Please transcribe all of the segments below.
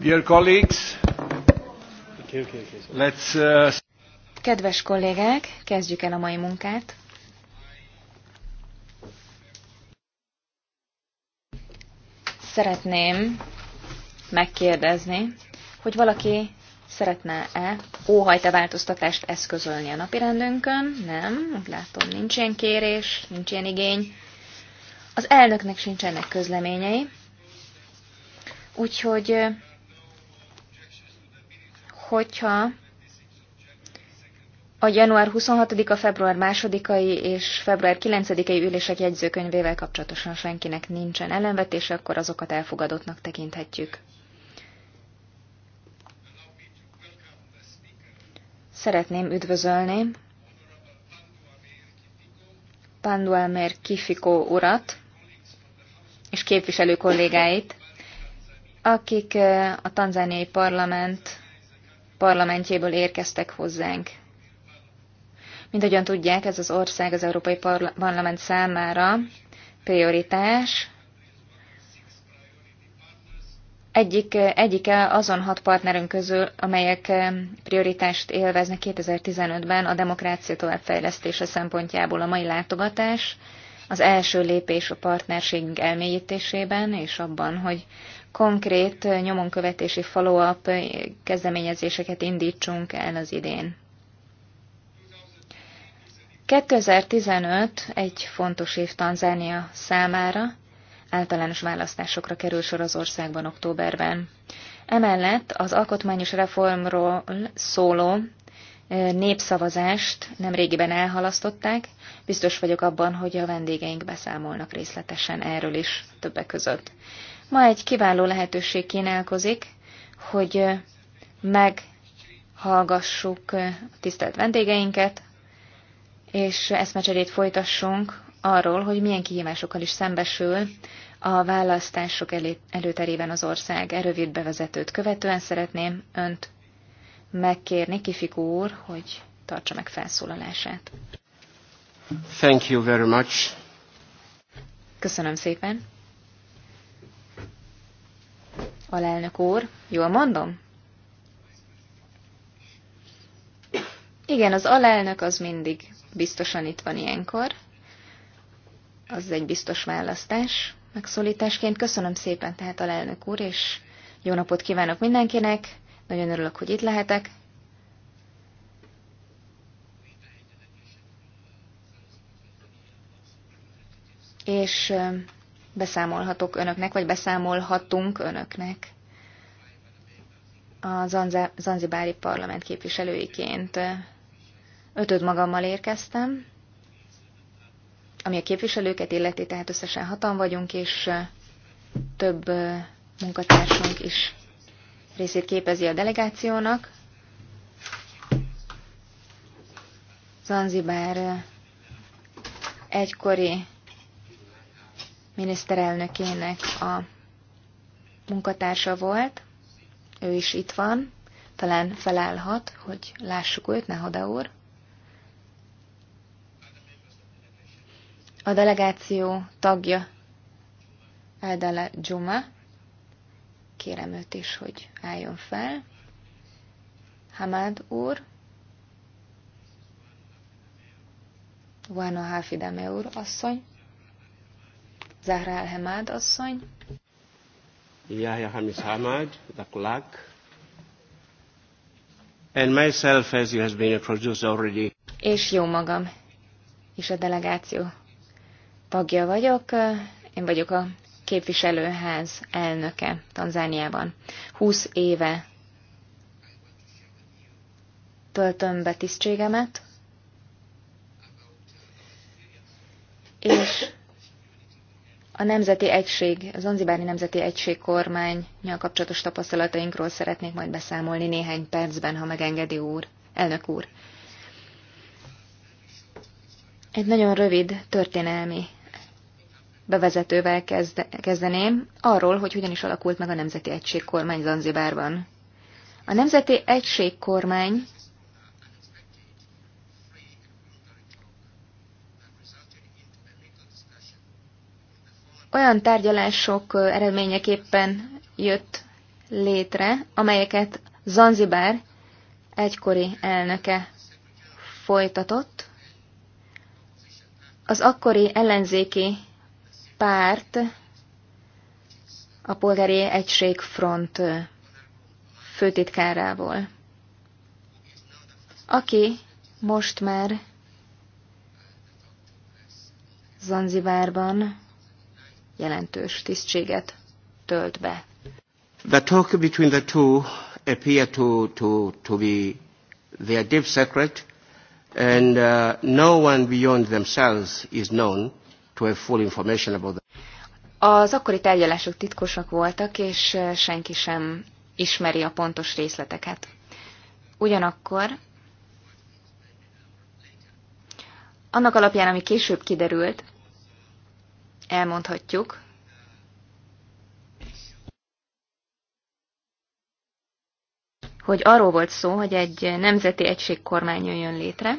Uh, Kedves kollégák, kezdjük el a mai munkát. Szeretném megkérdezni, hogy valaki szeretne-e óhajta változtatást eszközölni a napirendünkön? Nem, úgy látom, nincs ilyen kérés, nincs ilyen igény. Az elnöknek sincsenek közleményei, úgyhogy hogyha a január 26-a, február 2-ai és február 9-ai ülések jegyzőkönyvével kapcsolatosan senkinek nincsen ellenvetése, akkor azokat elfogadottnak tekinthetjük. Szeretném üdvözölni Panduamer Kifiko urat és képviselő kollégáit, akik eh, a tanzániai parlament parlamentjéből érkeztek hozzánk. Mint ahogyan tudják, ez az ország az Európai Parlament számára prioritás. Egyik, egyike azon hat partnerünk közül, amelyek eh, prioritást élveznek 2015-ben a demokrácia továbbfejlesztése szempontjából a mai látogatás, az első lépés a partnerségünk elmélyítésében, és abban, hogy konkrét nyomonkövetési follow-up kezdeményezéseket indítsunk el az idén. 2015 egy fontos év Tanzánia számára, általános választásokra kerül sor az országban októberben. Emellett az alkotmányos reformról szóló népszavazást nemrégiben elhalasztották, biztos vagyok abban, hogy a vendégeink beszámolnak részletesen erről is többek között. Ma egy kiváló lehetőség kínálkozik, hogy meghallgassuk a tisztelt vendégeinket, és eszmecserét folytassunk arról, hogy milyen kihívásokkal is szembesül a választások előterében az ország. E rövid bevezetőt követően szeretném önt megkérni, Kifikó úr, hogy tartsa meg felszólalását. Thank you very much. Köszönöm szépen alelnök úr. Jól mondom? Igen, az alelnök az mindig biztosan itt van ilyenkor. Az egy biztos választás megszólításként. Köszönöm szépen tehát alelnök úr, és jó napot kívánok mindenkinek. Nagyon örülök, hogy itt lehetek. És beszámolhatok önöknek, vagy beszámolhatunk önöknek a Zanzibári Parlament képviselőiként. Ötöd magammal érkeztem, ami a képviselőket illeti, tehát összesen hatan vagyunk, és több munkatársunk is részét képezi a delegációnak. Zanzibár egykori miniszterelnökének a munkatársa volt, ő is itt van, talán felállhat, hogy lássuk őt, Nehoda úr. A delegáció tagja Eldele Juma, kérem őt is, hogy álljon fel. Hamad úr, Wano Hafidame úr asszony, Zahra Al-Hamad asszony. Yahya Hamis Hamad, the clerk. And myself, as you have been introduced already. És jó magam, és a delegáció tagja vagyok. Én vagyok a képviselőház elnöke Tanzániában. 20 éve töltöm be tisztségemet, és a Nemzeti Egység, az Zanzibári Nemzeti Egység kormány kapcsolatos tapasztalatainkról szeretnék majd beszámolni néhány percben, ha megengedi úr, elnök úr. Egy nagyon rövid történelmi bevezetővel kezdeném, arról, hogy hogyan is alakult meg a Nemzeti Egység kormány Zanzibárban. A Nemzeti Egység kormány olyan tárgyalások eredményeképpen jött létre, amelyeket Zanzibár egykori elnöke folytatott. Az akkori ellenzéki párt a Polgári Egység Front főtitkárából, aki most már Zanzibárban jelentős tisztséget tölt be. The talk between the two appear to, to, to be their deep secret, and uh, no one beyond themselves is known to have full information about them. Az akkori tárgyalások titkosak voltak, és uh, senki sem ismeri a pontos részleteket. Ugyanakkor annak alapján, ami később kiderült, elmondhatjuk, hogy arról volt szó, hogy egy nemzeti egységkormány jön létre.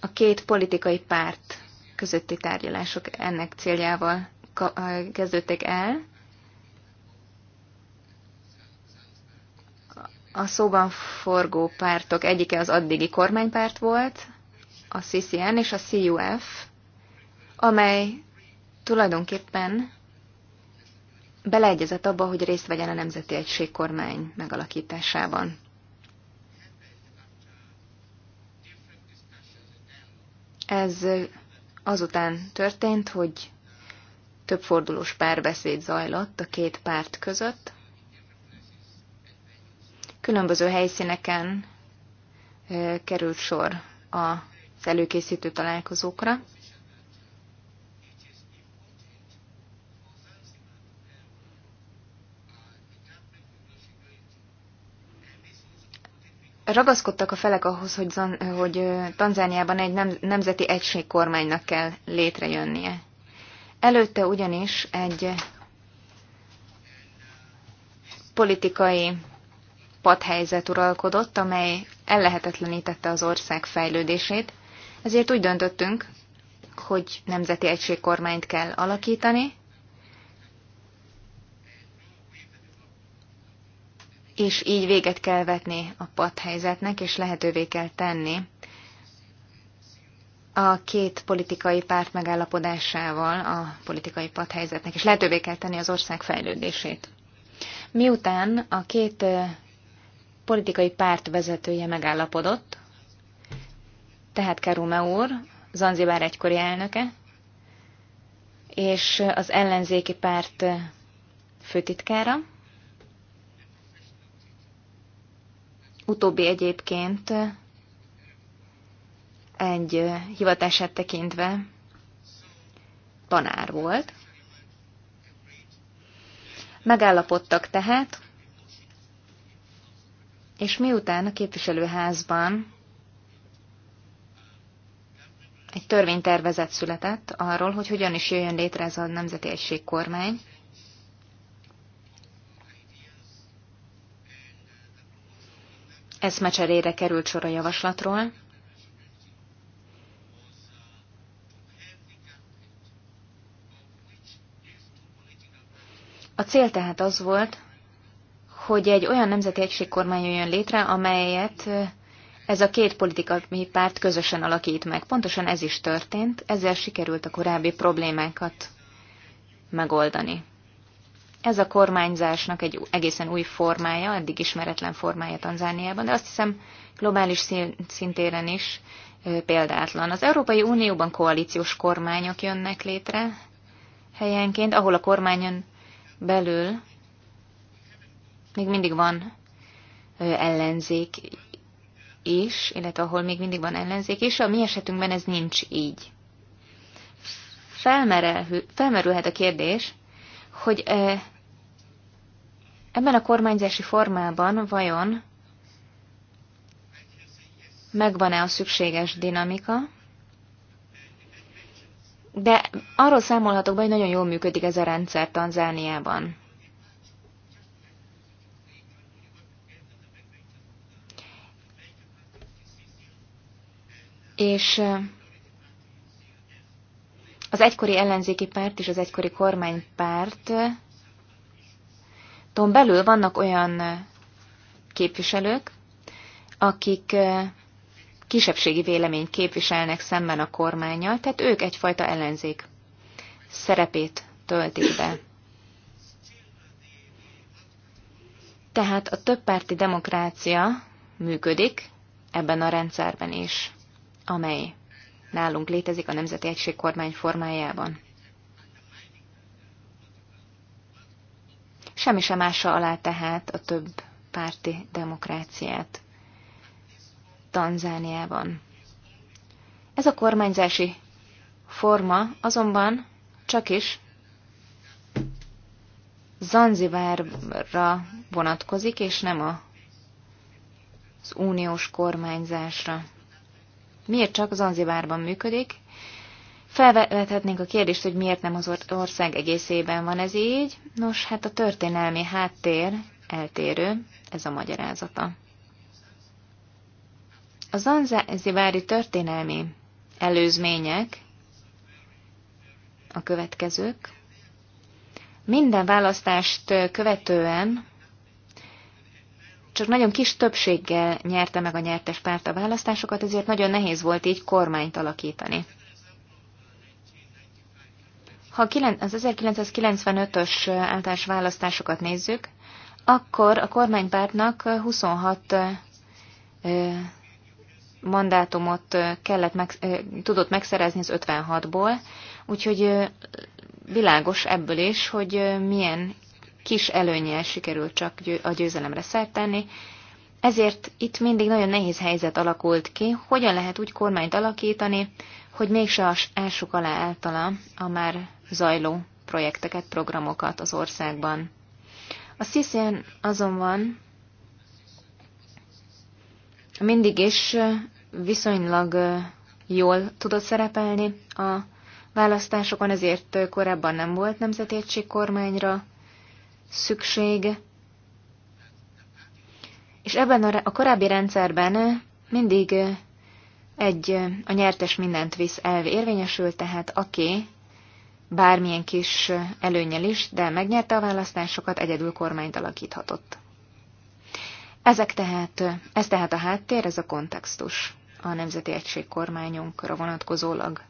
A két politikai párt közötti tárgyalások ennek céljával kezdődtek el. A szóban forgó pártok egyike az addigi kormánypárt volt, a CCN és a CUF, amely tulajdonképpen beleegyezett abba, hogy részt vegyen a Nemzeti kormány megalakításában. Ez azután történt, hogy több fordulós párbeszéd zajlott a két párt között. Különböző helyszíneken került sor a előkészítő találkozókra. Ragaszkodtak a felek ahhoz, hogy, hogy Tanzániában egy nem, nemzeti egységkormánynak kell létrejönnie. Előtte ugyanis egy politikai padhelyzet uralkodott, amely ellehetetlenítette az ország fejlődését, ezért úgy döntöttünk, hogy nemzeti egységkormányt kell alakítani, és így véget kell vetni a padhelyzetnek, és lehetővé kell tenni a két politikai párt megállapodásával a politikai padhelyzetnek, és lehetővé kell tenni az ország fejlődését. Miután a két politikai párt vezetője megállapodott, tehát Kerume úr, Zanzibár egykori elnöke, és az ellenzéki párt főtitkára. Utóbbi egyébként egy hivatását tekintve tanár volt. Megállapodtak tehát, és miután a képviselőházban törvénytervezet született arról, hogy hogyan is jöjjön létre ez a Nemzeti Egységkormány. Eszmecserére került sor a javaslatról. A cél tehát az volt, hogy egy olyan nemzeti egységkormány jön létre, amelyet ez a két politikai párt közösen alakít meg. Pontosan ez is történt, ezzel sikerült a korábbi problémákat megoldani. Ez a kormányzásnak egy egészen új formája, eddig ismeretlen formája Tanzániában, de azt hiszem globális szintéren is példátlan. Az Európai Unióban koalíciós kormányok jönnek létre helyenként, ahol a kormányon belül még mindig van ellenzék is, illetve ahol még mindig van ellenzék is, a mi esetünkben ez nincs így. Felmerülhet a kérdés, hogy ebben a kormányzási formában vajon megvan-e a szükséges dinamika, de arról számolhatok be, hogy nagyon jól működik ez a rendszer Tanzániában. és az egykori ellenzéki párt és az egykori kormánypárt tón belül vannak olyan képviselők, akik kisebbségi véleményt képviselnek szemben a kormányjal, tehát ők egyfajta ellenzék szerepét töltik be. Tehát a többpárti demokrácia működik ebben a rendszerben is amely nálunk létezik a Nemzeti Egység kormány formájában. Semmi sem ássa alá tehát a több párti demokráciát Tanzániában. Ez a kormányzási forma azonban csak is Zanzibárra vonatkozik, és nem a, az uniós kormányzásra miért csak Zanzibárban működik. Felvethetnénk a kérdést, hogy miért nem az ország egészében van ez így. Nos, hát a történelmi háttér eltérő, ez a magyarázata. A zanzibári történelmi előzmények a következők. Minden választást követően csak nagyon kis többséggel nyerte meg a nyertes párt a választásokat, ezért nagyon nehéz volt így kormányt alakítani. Ha az 1995-ös általános választásokat nézzük, akkor a kormánypártnak 26 mandátumot kellett meg, tudott megszerezni az 56-ból, úgyhogy világos ebből is, hogy milyen kis előnyel sikerült csak a győzelemre szert tenni, ezért itt mindig nagyon nehéz helyzet alakult ki, hogyan lehet úgy kormányt alakítani, hogy mégse elsuk alá általa a már zajló projekteket, programokat az országban. A CCN azonban mindig is viszonylag jól tudott szerepelni a választásokon, ezért korábban nem volt nemzeti egység kormányra szükség, és ebben a, a korábbi rendszerben mindig egy a nyertes mindent visz elv érvényesül, tehát aki bármilyen kis előnyel is, de megnyerte a választásokat, egyedül kormányt alakíthatott. Ezek tehát, ez tehát a háttér, ez a kontextus a Nemzeti Egység kormányunkra vonatkozólag.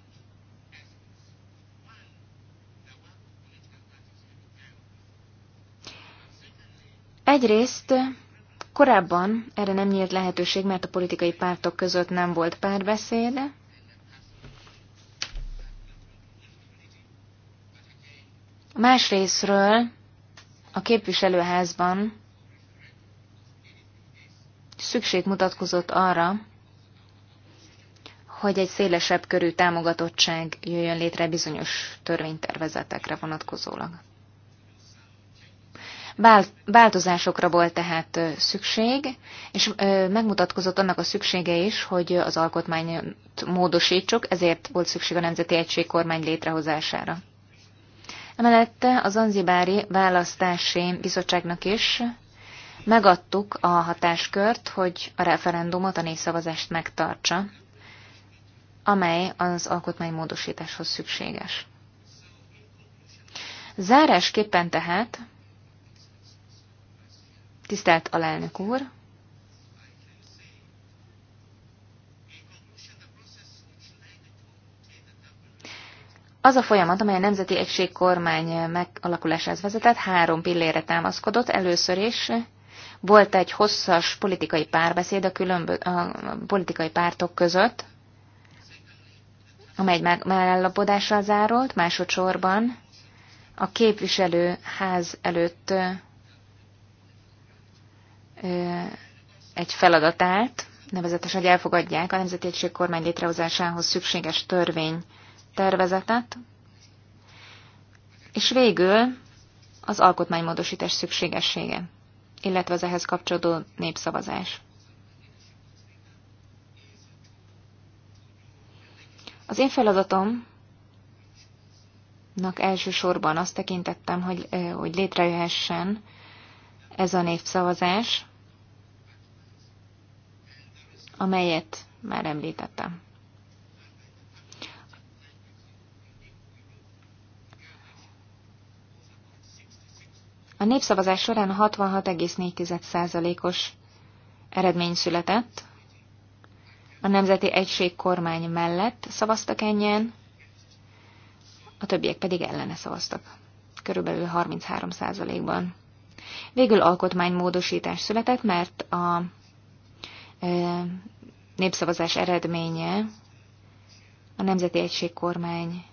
Egyrészt korábban erre nem nyílt lehetőség, mert a politikai pártok között nem volt párbeszéd, Másrésztről a képviselőházban szükség mutatkozott arra, hogy egy szélesebb körű támogatottság jöjjön létre bizonyos törvénytervezetekre vonatkozólag. Változásokra volt tehát szükség, és megmutatkozott annak a szüksége is, hogy az alkotmányt módosítsuk, ezért volt szükség a Nemzeti Egység kormány létrehozására. Emellett az Anzibári Választási Bizottságnak is megadtuk a hatáskört, hogy a referendumot, a népszavazást megtartsa, amely az alkotmánymódosításhoz szükséges. Zárásképpen tehát Tisztelt alelnök úr! Az a folyamat, amely a Nemzeti Egység kormány megalakulásához vezetett, három pillére támaszkodott. Először is volt egy hosszas politikai párbeszéd a, különbö- a politikai pártok között, amely már megállapodással zárult, másodszorban a képviselőház előtt egy feladatát, nevezetesen, hogy elfogadják a Nemzeti Egység kormány létrehozásához szükséges törvény tervezetet, és végül az alkotmánymódosítás szükségessége, illetve az ehhez kapcsolódó népszavazás. Az én feladatomnak elsősorban azt tekintettem, hogy, hogy létrejöhessen ez a népszavazás, amelyet már említettem. A népszavazás során 66,4%-os eredmény született. A Nemzeti Egység kormány mellett szavaztak ennyien, a többiek pedig ellene szavaztak, körülbelül 33%-ban. Végül alkotmánymódosítás született, mert a népszavazás eredménye a Nemzeti Egység kormány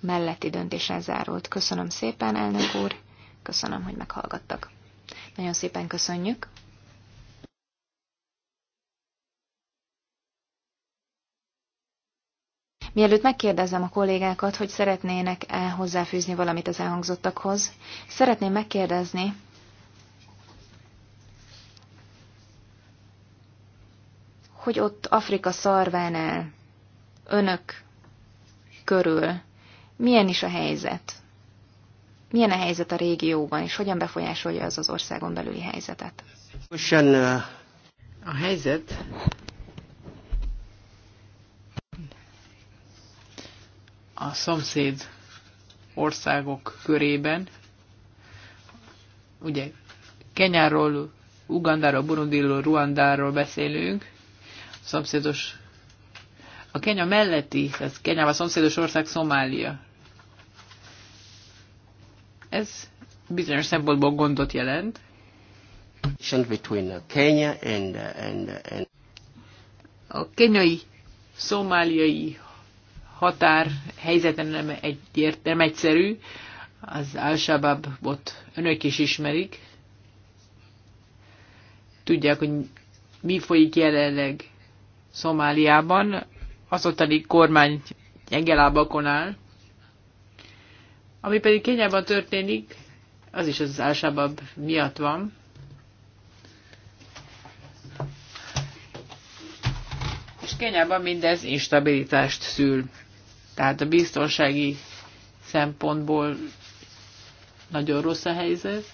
melletti döntéssel zárult. Köszönöm szépen, elnök úr, köszönöm, hogy meghallgattak. Nagyon szépen köszönjük. Mielőtt megkérdezem a kollégákat, hogy szeretnének-e hozzáfűzni valamit az elhangzottakhoz, szeretném megkérdezni hogy ott Afrika szarvánál, önök körül, milyen is a helyzet? Milyen a helyzet a régióban, és hogyan befolyásolja az az országon belüli helyzetet? A helyzet a szomszéd országok körében, ugye Kenyáról, Ugandáról, Burundiról, Ruandáról beszélünk, szomszédos, a Kenya melletti, Kenya Kenyával szomszédos ország Szomália. Ez bizonyos szempontból gondot jelent. Between Kenya and, and, and... A kenyai, szomáliai határ helyzete nem, egy, nem egyszerű. Az al ott önök is ismerik. Tudják, hogy mi folyik jelenleg Szomáliában. Az ottani kormány gyenge lábakon áll. Ami pedig Kenyában történik, az is az álsábabb miatt van. És Kenyában mindez instabilitást szül. Tehát a biztonsági szempontból nagyon rossz a helyzet.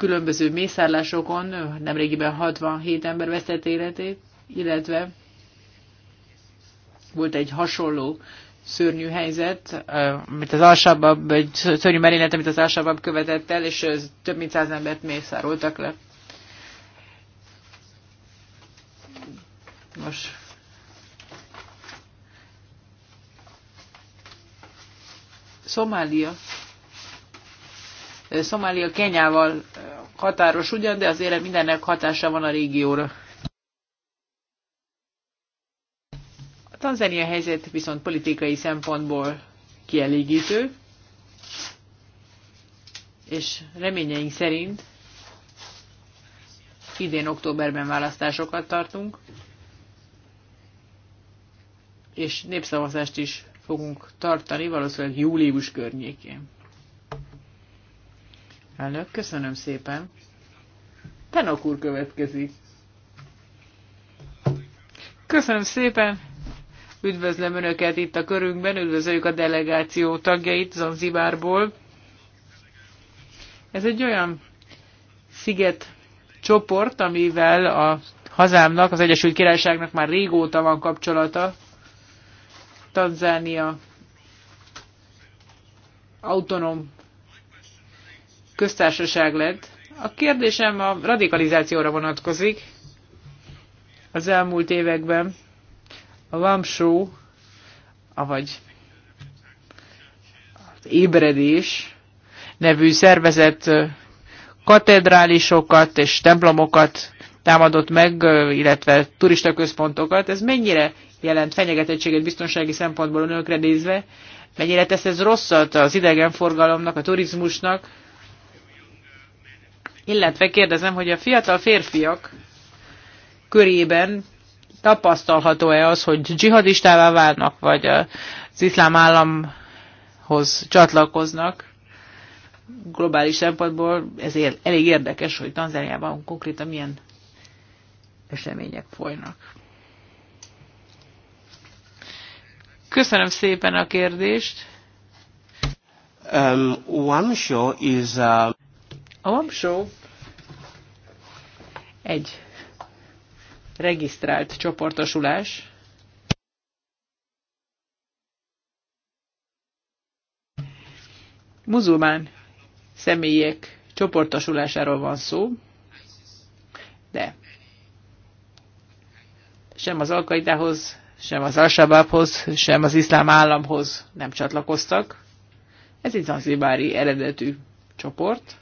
különböző mészárlásokon, nemrégiben 67 ember vesztett életét, illetve volt egy hasonló szörnyű helyzet, mint az alsabab, egy szörnyű merénylet, amit az alsabab követett el, és több mint száz embert mészároltak le. Most Szomália Szomália Kenyával határos ugyan, de azért mindennek hatása van a régióra. A Tanzania helyzet viszont politikai szempontból kielégítő, és reményeink szerint idén októberben választásokat tartunk, és népszavazást is fogunk tartani, valószínűleg július környékén. Elnök, köszönöm szépen. Tenok úr következik. Köszönöm szépen. Üdvözlöm Önöket itt a körünkben, üdvözöljük a delegáció tagjait Zanzibárból. Ez egy olyan sziget csoport, amivel a hazámnak, az Egyesült Királyságnak már régóta van kapcsolata. Tanzánia autonóm köztársaság lett. A kérdésem a radikalizációra vonatkozik. Az elmúlt években a Vamsó, avagy az Ébredés nevű szervezet katedrálisokat és templomokat támadott meg, illetve turistaközpontokat. Ez mennyire jelent fenyegetettséget biztonsági szempontból önökre nézve? Mennyire tesz ez rosszat az idegenforgalomnak, a turizmusnak? Illetve kérdezem, hogy a fiatal férfiak körében tapasztalható-e az, hogy dzsihadistává válnak, vagy az iszlám államhoz csatlakoznak. Globális szempontból Ezért elég érdekes, hogy Tanzániában konkrétan milyen események folynak. Köszönöm szépen a kérdést. Um, one show is, uh... A Mamsó egy regisztrált csoportosulás, muzulmán személyek csoportosulásáról van szó, de sem az alkaidához, sem az alsabábhoz, sem az iszlám államhoz nem csatlakoztak. Ez egy zanzibári eredetű csoport.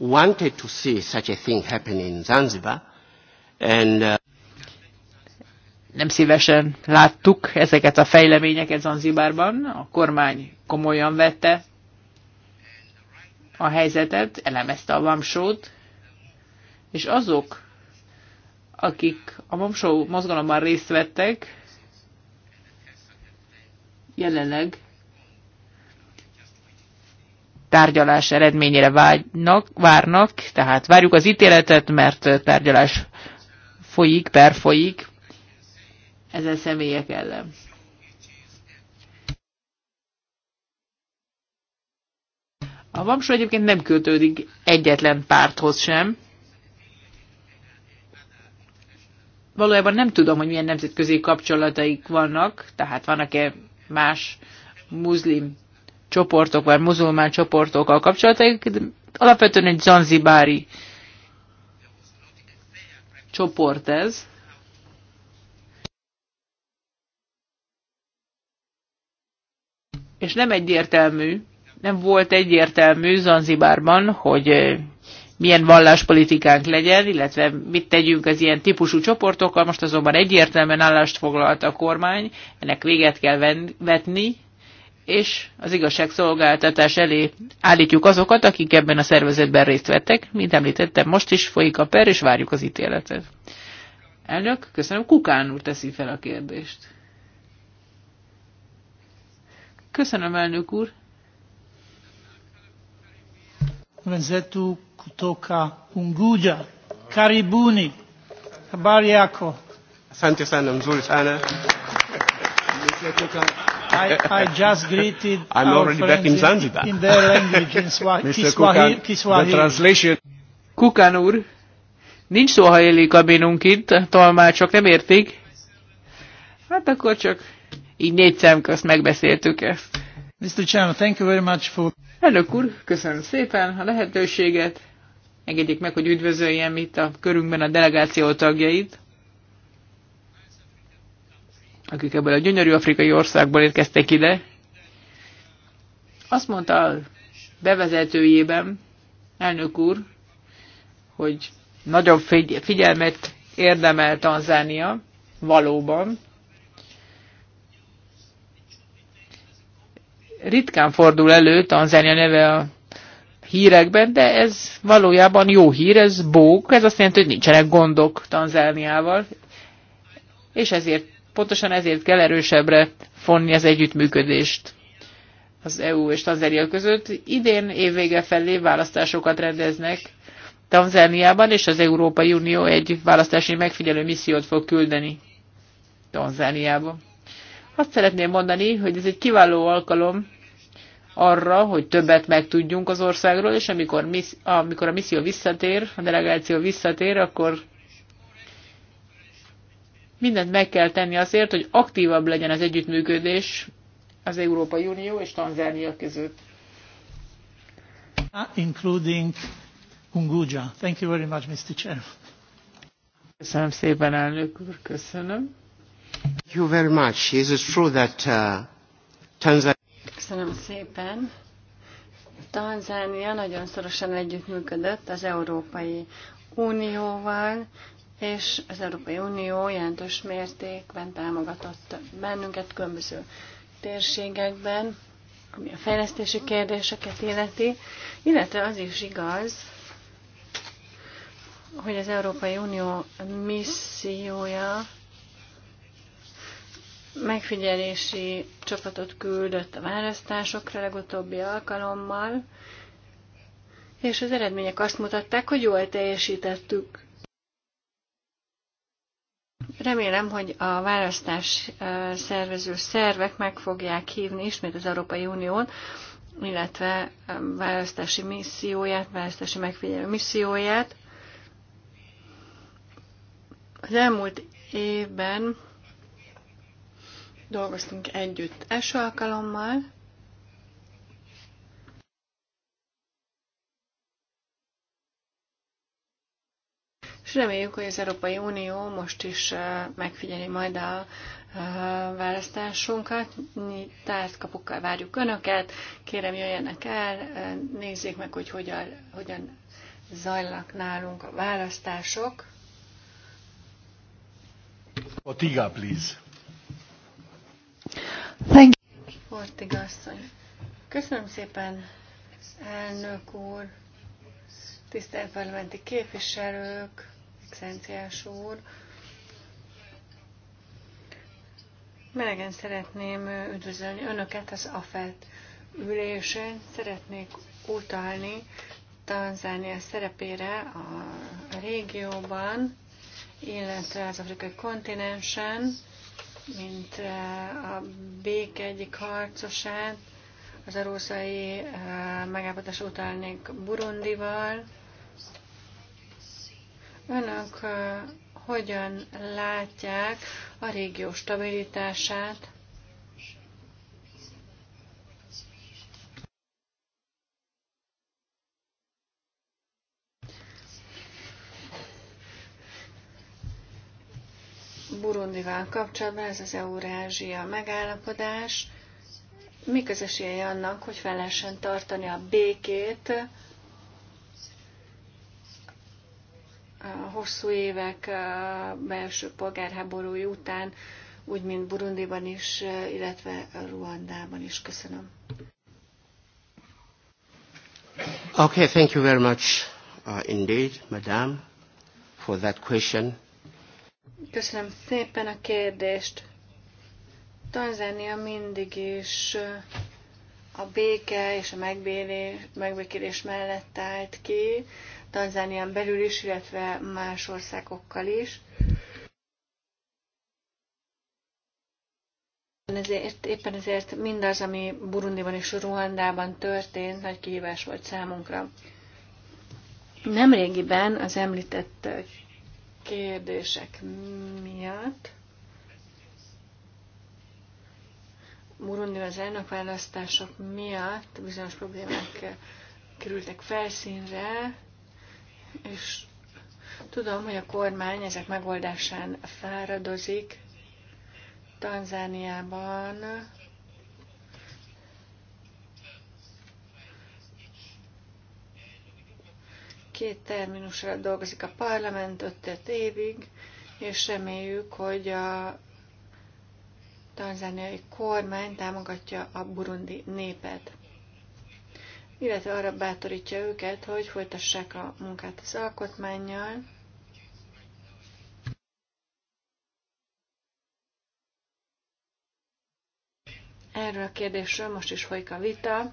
wanted to see such a thing happen in Zanzibar, and uh, nem szívesen láttuk ezeket a fejleményeket Zanzibárban, a kormány komolyan vette a helyzetet, elemezte a vamsót, és azok, akik a vamsó mozgalomban részt vettek, jelenleg tárgyalás eredményére vágynak, várnak, tehát várjuk az ítéletet, mert tárgyalás folyik, per folyik ezen személyek ellen. A Vamsó egyébként nem kötődik egyetlen párthoz sem. Valójában nem tudom, hogy milyen nemzetközi kapcsolataik vannak, tehát vannak-e más muszlim csoportok, vagy muzulmán csoportokkal kapcsolataik, alapvetően egy zanzibári csoport ez. És nem egyértelmű, nem volt egyértelmű Zanzibárban, hogy eh, milyen valláspolitikánk legyen, illetve mit tegyünk az ilyen típusú csoportokkal. Most azonban egyértelműen állást foglalt a kormány, ennek véget kell vetni, és az igazságszolgáltatás elé állítjuk azokat, akik ebben a szervezetben részt vettek. Mint említettem, most is folyik a per, és várjuk az ítéletet. Elnök, köszönöm. Kukán úr teszi fel a kérdést. Köszönöm, elnök úr. Vezetú kutoka Unguja, Karibuni, Bariako. yako? Asante sana, mzuri I, I just greeted I'm our already back in Zanzibar. In their language, in Swahili. Mr. Kukan, Kiswahili. the translation. Kukan úr, nincs szóhajéli kabinunk itt, tolmácsok nem értik. Hát akkor csak így négy szem közt megbeszéltük ezt. Mr. Chairman, thank you very much for... Elnök úr, köszönöm szépen a lehetőséget. Engedjék meg, hogy üdvözöljem itt a körünkben a delegáció tagjait akik ebből a gyönyörű afrikai országból érkeztek ide, azt mondta a bevezetőjében, elnök úr, hogy nagyobb figyelmet érdemel Tanzánia, valóban. Ritkán fordul elő Tanzánia neve a hírekben, de ez valójában jó hír, ez bók, ez azt jelenti, hogy nincsenek gondok Tanzániával, és ezért Pontosan ezért kell erősebbre fonni az együttműködést az EU és Tanzánia között. Idén évvége felé választásokat rendeznek Tanzániában, és az Európai Unió egy választási megfigyelő missziót fog küldeni Tanzániába. Azt szeretném mondani, hogy ez egy kiváló alkalom arra, hogy többet megtudjunk az országról, és amikor, missz, amikor a misszió visszatér, a delegáció visszatér, akkor mindent meg kell tenni azért, hogy aktívabb legyen az együttműködés az Európai Unió és Tanzánia között. Uh, including Unguja. Thank you very much, Mr. Chair. Köszönöm szépen, elnök úr, köszönöm. Thank you very much. Is it true that uh, Tanzania... Köszönöm szépen. Tanzánia nagyon szorosan együttműködött az Európai Unióval, és az Európai Unió jelentős mértékben támogatott bennünket különböző térségekben, ami a fejlesztési kérdéseket illeti, illetve az is igaz, hogy az Európai Unió missziója megfigyelési csapatot küldött a választásokra legutóbbi alkalommal, és az eredmények azt mutatták, hogy jól teljesítettük Remélem, hogy a választás szervező szervek meg fogják hívni ismét az Európai Unión, illetve választási misszióját, választási megfigyelő misszióját. Az elmúlt évben dolgoztunk együtt első alkalommal, és reméljük, hogy az Európai Unió most is eh, megfigyeli majd a eh, választásunkat. Mi tárt kapukkal várjuk Önöket, kérem jöjjenek el, eh, nézzék meg, hogy hogyan, hogyan zajlak nálunk a választások. A tiga, please. Thank you. Ortiga asszony. Köszönöm szépen, elnök úr, tisztelt parlamenti képviselők, excellenciás úr. Melegen szeretném üdvözölni Önöket az AFET ülésen. Szeretnék utalni Tanzánia szerepére a régióban, illetve az afrikai kontinensen, mint eh, a béke egyik harcosát. Az arószai eh, megállapodás utalnék Burundival, Önök hogyan látják a régió stabilitását? Burundival kapcsolatban ez az Eurázsia megállapodás. Mik az esélye annak, hogy fel lehessen tartani a békét hosszú évek belső polgárháborúi után, úgy mint Burundiban is, illetve Ruandában is. Köszönöm. Okay, thank you very much uh, indeed, madam, for that question. Köszönöm szépen a kérdést. Tanzánia mindig is uh, a béke és a megbélés, megbékélés mellett állt ki, Tanzánián belül is, illetve más országokkal is. Ezért, éppen ezért mindaz, ami Burundiban és Ruandában történt, nagy kihívás volt számunkra. Nemrégiben az említett kérdések miatt Burundi az elnökválasztások miatt bizonyos problémák kerültek felszínre, és tudom, hogy a kormány ezek megoldásán fáradozik. Tanzániában két terminusra dolgozik a parlament, öt évig, és reméljük, hogy a tanzániai kormány támogatja a burundi népet illetve arra bátorítja őket, hogy folytassák a munkát az alkotmányjal. Erről a kérdésről most is folyik a vita.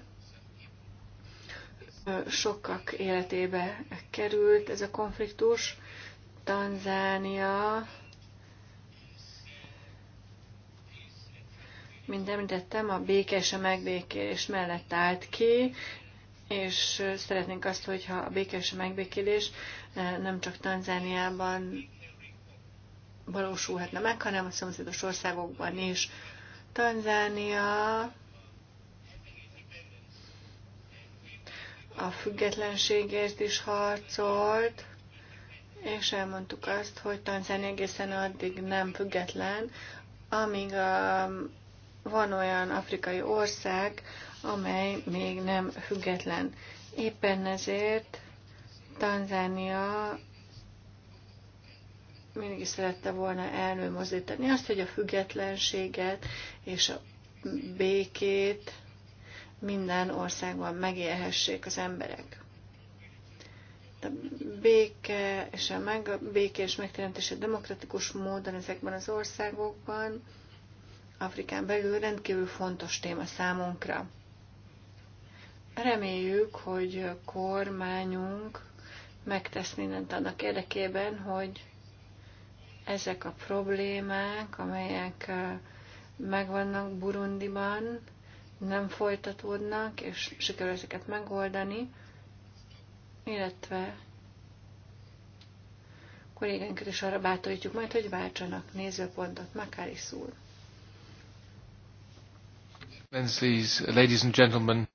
Sokak életébe került ez a konfliktus. Tanzánia, mint említettem, a békés a megbékélés mellett állt ki, és szeretnénk azt, hogyha a békés megbékélés nem csak Tanzániában valósulhatna meg, hanem a szomszédos országokban is. Tanzánia a függetlenségért is harcolt, és elmondtuk azt, hogy Tanzánia egészen addig nem független, amíg a, van olyan afrikai ország, amely még nem független. Éppen ezért Tanzánia mindig is szerette volna előmozdítani azt, hogy a függetlenséget és a békét minden országban megélhessék az emberek. A béke és a, meg, a békés megteremtése demokratikus módon ezekben az országokban, Afrikán belül rendkívül fontos téma számunkra. Reméljük, hogy kormányunk megtesz mindent annak érdekében, hogy ezek a problémák, amelyek megvannak Burundiban, nem folytatódnak, és sikerül ezeket megoldani, illetve kollégánkat is arra bátorítjuk majd, hogy váltsanak nézőpontot. Makári szúr. Ladies and gentlemen.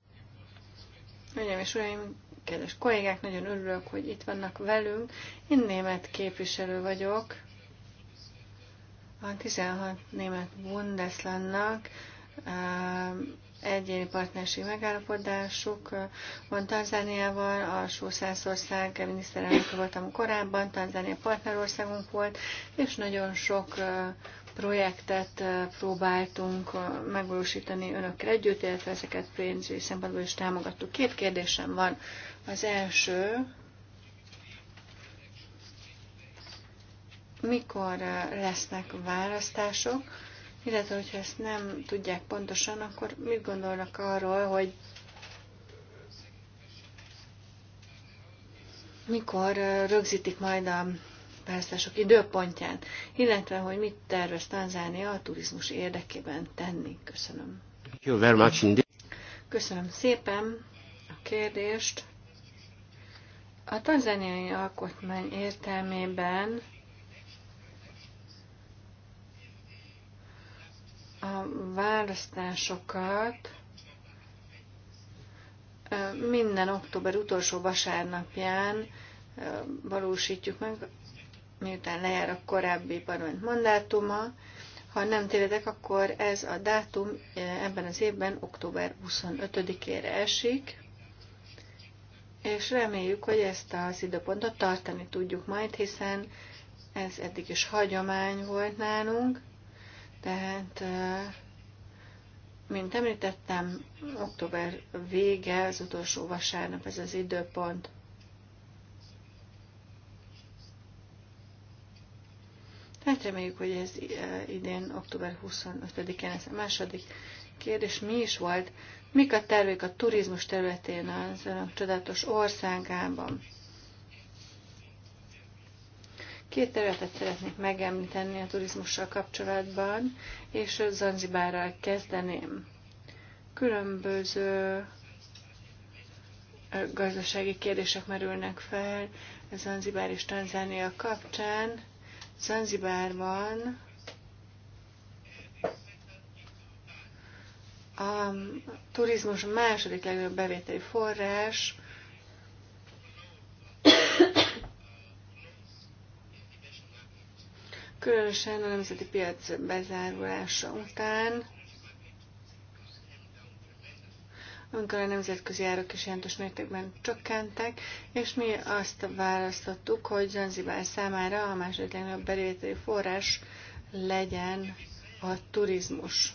Hölgyeim és uraim, kedves kollégák, nagyon örülök, hogy itt vannak velünk. Én német képviselő vagyok. A 16 német Bundeslandnak egyéni partnerségi megállapodásuk van Tanzániával, a Sószászország miniszterelnök voltam korábban, Tanzánia partnerországunk volt, és nagyon sok projektet próbáltunk megvalósítani önökkel együtt, illetve ezeket pénzügyi szempontból is támogattuk. Két kérdésem van. Az első, mikor lesznek választások, illetve hogyha ezt nem tudják pontosan, akkor mit gondolnak arról, hogy mikor rögzítik majd a választások időpontján, illetve hogy mit tervez Tanzánia a turizmus érdekében tenni. Köszönöm. Köszönöm szépen a kérdést. A tanzániai alkotmány értelmében a választásokat minden október utolsó vasárnapján valósítjuk meg miután lejár a korábbi parlament mandátuma. Ha nem tévedek, akkor ez a dátum eh, ebben az évben október 25-ére esik, és reméljük, hogy ezt az időpontot tartani tudjuk majd, hiszen ez eddig is hagyomány volt nálunk, tehát eh, mint említettem, október vége, az utolsó vasárnap ez az időpont. Tehát reméljük, hogy ez eh, idén, október 25-én lesz a második kérdés. Mi is volt? Mik a tervek a turizmus területén az önök csodálatos országában? Két területet szeretnék megemlíteni a turizmussal kapcsolatban, és Zanzibárral kezdeném. Különböző eh, gazdasági kérdések merülnek fel Zanzibár és Tanzánia kapcsán. Zanzibárban a turizmus második legnagyobb bevételi forrás, különösen a nemzeti piac bezárulása után. amikor a nemzetközi árak is jelentős mértékben csökkentek, és mi azt választottuk, hogy Zanzibár számára a második legnagyobb bevételi forrás legyen a turizmus.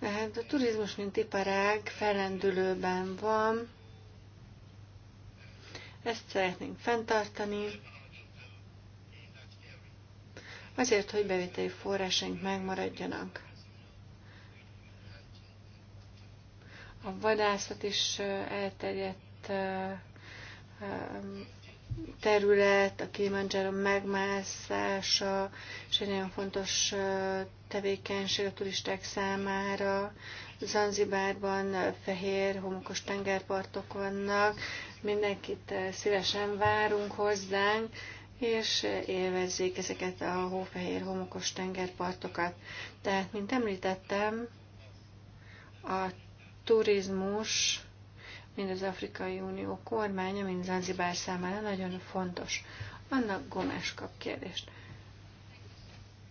Tehát a turizmus, mint iparág fellendülőben van, ezt szeretnénk fenntartani azért, hogy bevételi forrásaink megmaradjanak. A vadászat is elterjedt terület, a Kilimanjaro megmászása, és egy nagyon fontos tevékenység a turisták számára. Zanzibárban fehér, homokos tengerpartok vannak, mindenkit szívesen várunk hozzánk, és élvezzék ezeket a hófehér homokos tengerpartokat. Tehát, mint említettem, a turizmus, mind az Afrikai Unió kormánya, mind Zanzibár számára nagyon fontos. Annak Gomes kap kérdést.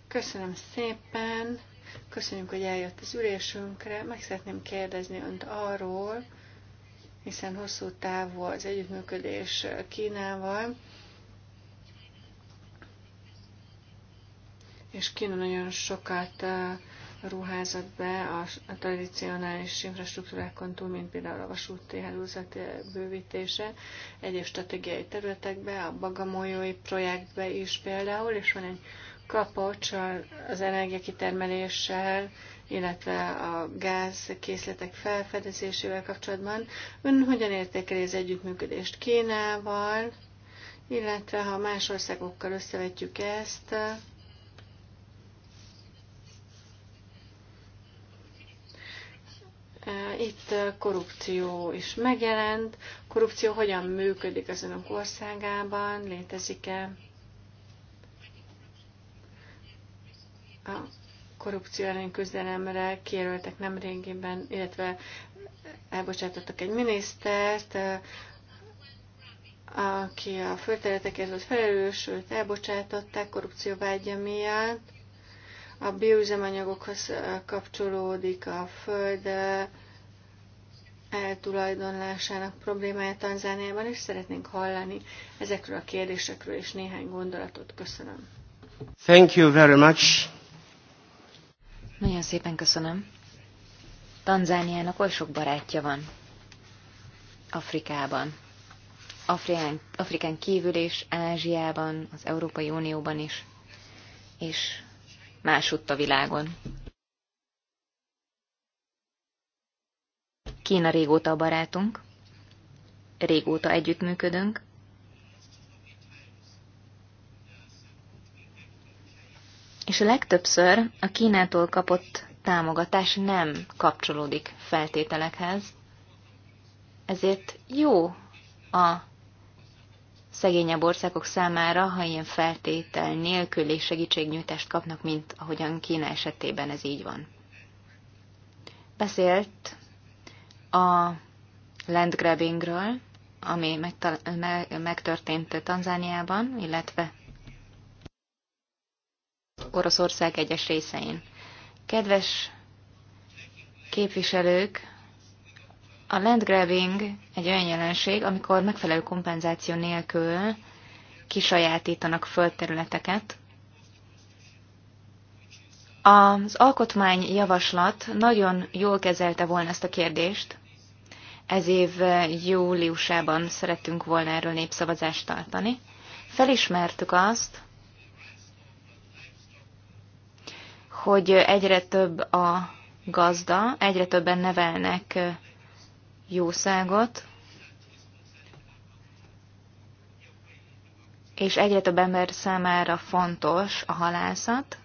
Köszönöm szépen, köszönjük, hogy eljött az ülésünkre. Meg szeretném kérdezni önt arról, hiszen hosszú távú az együttműködés Kínával, és Kína nagyon sokat ruházott be a, tradicionális infrastruktúrákon túl, mint például a vasúti hálózat bővítése, egyes stratégiai területekbe, a Bagamolyói projektbe is például, és van egy kapocs az energiakitermeléssel, illetve a gáz készletek felfedezésével kapcsolatban. Ön hogyan értékeli az együttműködést Kínával, illetve ha más országokkal összevetjük ezt, Itt korrupció is megjelent. Korrupció hogyan működik az önök országában? Létezik-e a korrupció ellen küzdelemre kijelöltek nemrégiben, illetve elbocsátottak egy minisztert, aki a földterületekért volt felelős, őt elbocsátották vágya miatt a bioüzemanyagokhoz kapcsolódik a föld eltulajdonlásának problémája Tanzániában, és szeretnénk hallani ezekről a kérdésekről is néhány gondolatot. Köszönöm. Thank you very much. Nagyon szépen köszönöm. Tanzániának oly sok barátja van. Afrikában. afrián, Afrikán kívül és Ázsiában, az Európai Unióban is. És másutt a világon. Kína régóta a barátunk, régóta együttműködünk, és a legtöbbször a Kínától kapott támogatás nem kapcsolódik feltételekhez, ezért jó a szegényebb országok számára, ha ilyen feltétel és segítségnyújtást kapnak, mint ahogyan Kína esetében ez így van. Beszélt a landgrabbingről, ami megtörtént Tanzániában, illetve Oroszország egyes részein. Kedves képviselők, a grabbing egy olyan jelenség, amikor megfelelő kompenzáció nélkül kisajátítanak földterületeket. Az alkotmány javaslat nagyon jól kezelte volna ezt a kérdést. Ez év júliusában szerettünk volna erről népszavazást tartani. Felismertük azt, hogy egyre több a gazda, egyre többen nevelnek jószágot, és egyre több ember számára fontos a halászat,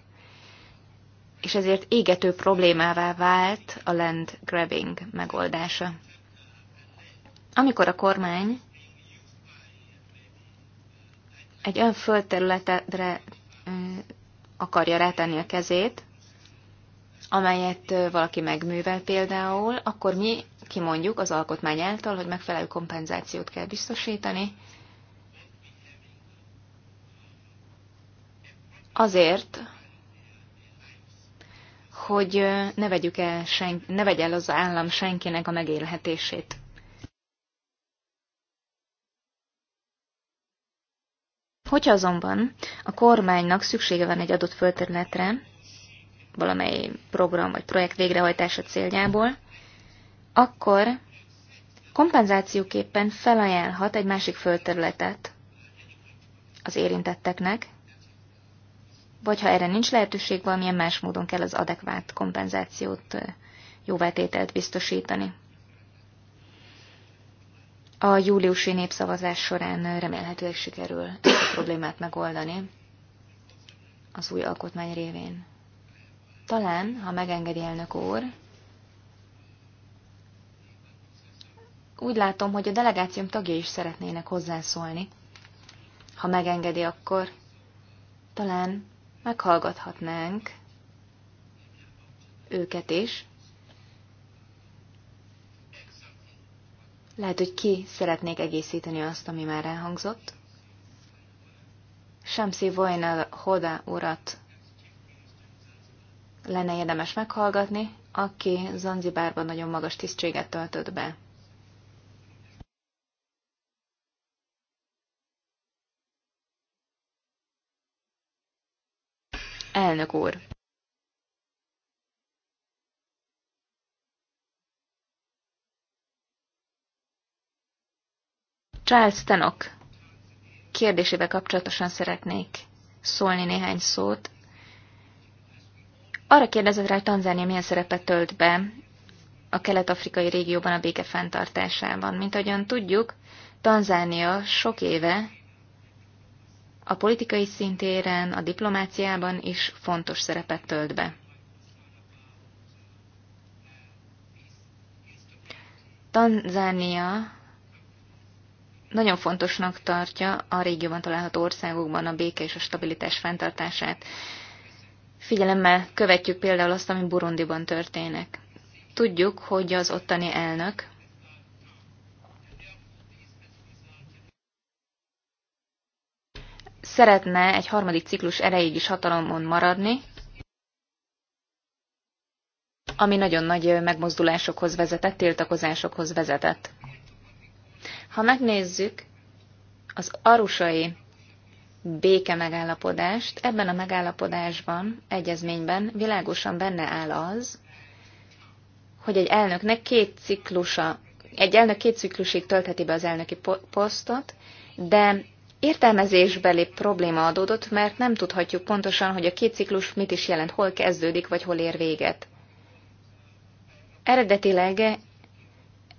és ezért égető problémává vált a land grabbing megoldása. Amikor a kormány egy olyan földterületre akarja rátenni a kezét, amelyet valaki megművel például, akkor mi kimondjuk az alkotmány által, hogy megfelelő kompenzációt kell biztosítani, azért, hogy ne, vegyük el sen, ne vegy el az állam senkinek a megélhetését. Hogyha azonban a kormánynak szüksége van egy adott földterületre, valamely program vagy projekt végrehajtása céljából, akkor kompenzációképpen felajánlhat egy másik földterületet az érintetteknek, vagy ha erre nincs lehetőség, valamilyen más módon kell az adekvát kompenzációt, jóvátételt biztosítani. A júliusi népszavazás során remélhetőleg sikerül ezt a problémát megoldani az új alkotmány révén. Talán, ha megengedi elnök úr, úgy látom, hogy a delegációm tagjai is szeretnének hozzászólni. Ha megengedi, akkor talán meghallgathatnánk őket is. Lehet, hogy ki szeretnék egészíteni azt, ami már elhangzott. Semszi Vojna Hoda urat lenne érdemes meghallgatni, aki Zanzibárban nagyon magas tisztséget töltött be. Elnök úr! Charles Tenok kérdésével kapcsolatosan szeretnék szólni néhány szót. Arra kérdezett rá, hogy Tanzánia milyen szerepet tölt be a kelet-afrikai régióban a béke fenntartásában. Mint ahogyan tudjuk, Tanzánia sok éve a politikai szintéren, a diplomáciában is fontos szerepet tölt be. Tanzánia nagyon fontosnak tartja a régióban található országokban a béke és a stabilitás fenntartását. Figyelemmel követjük például azt, ami Burundiban történik. Tudjuk, hogy az ottani elnök szeretne egy harmadik ciklus erejéig is hatalomon maradni, ami nagyon nagy megmozdulásokhoz vezetett, tiltakozásokhoz vezetett. Ha megnézzük az arusai béke megállapodást, ebben a megállapodásban, egyezményben világosan benne áll az, hogy egy elnöknek két ciklusa, egy elnök két ciklusig töltheti be az elnöki posztot, de értelmezésbeli probléma adódott, mert nem tudhatjuk pontosan, hogy a két ciklus mit is jelent, hol kezdődik, vagy hol ér véget. Eredetileg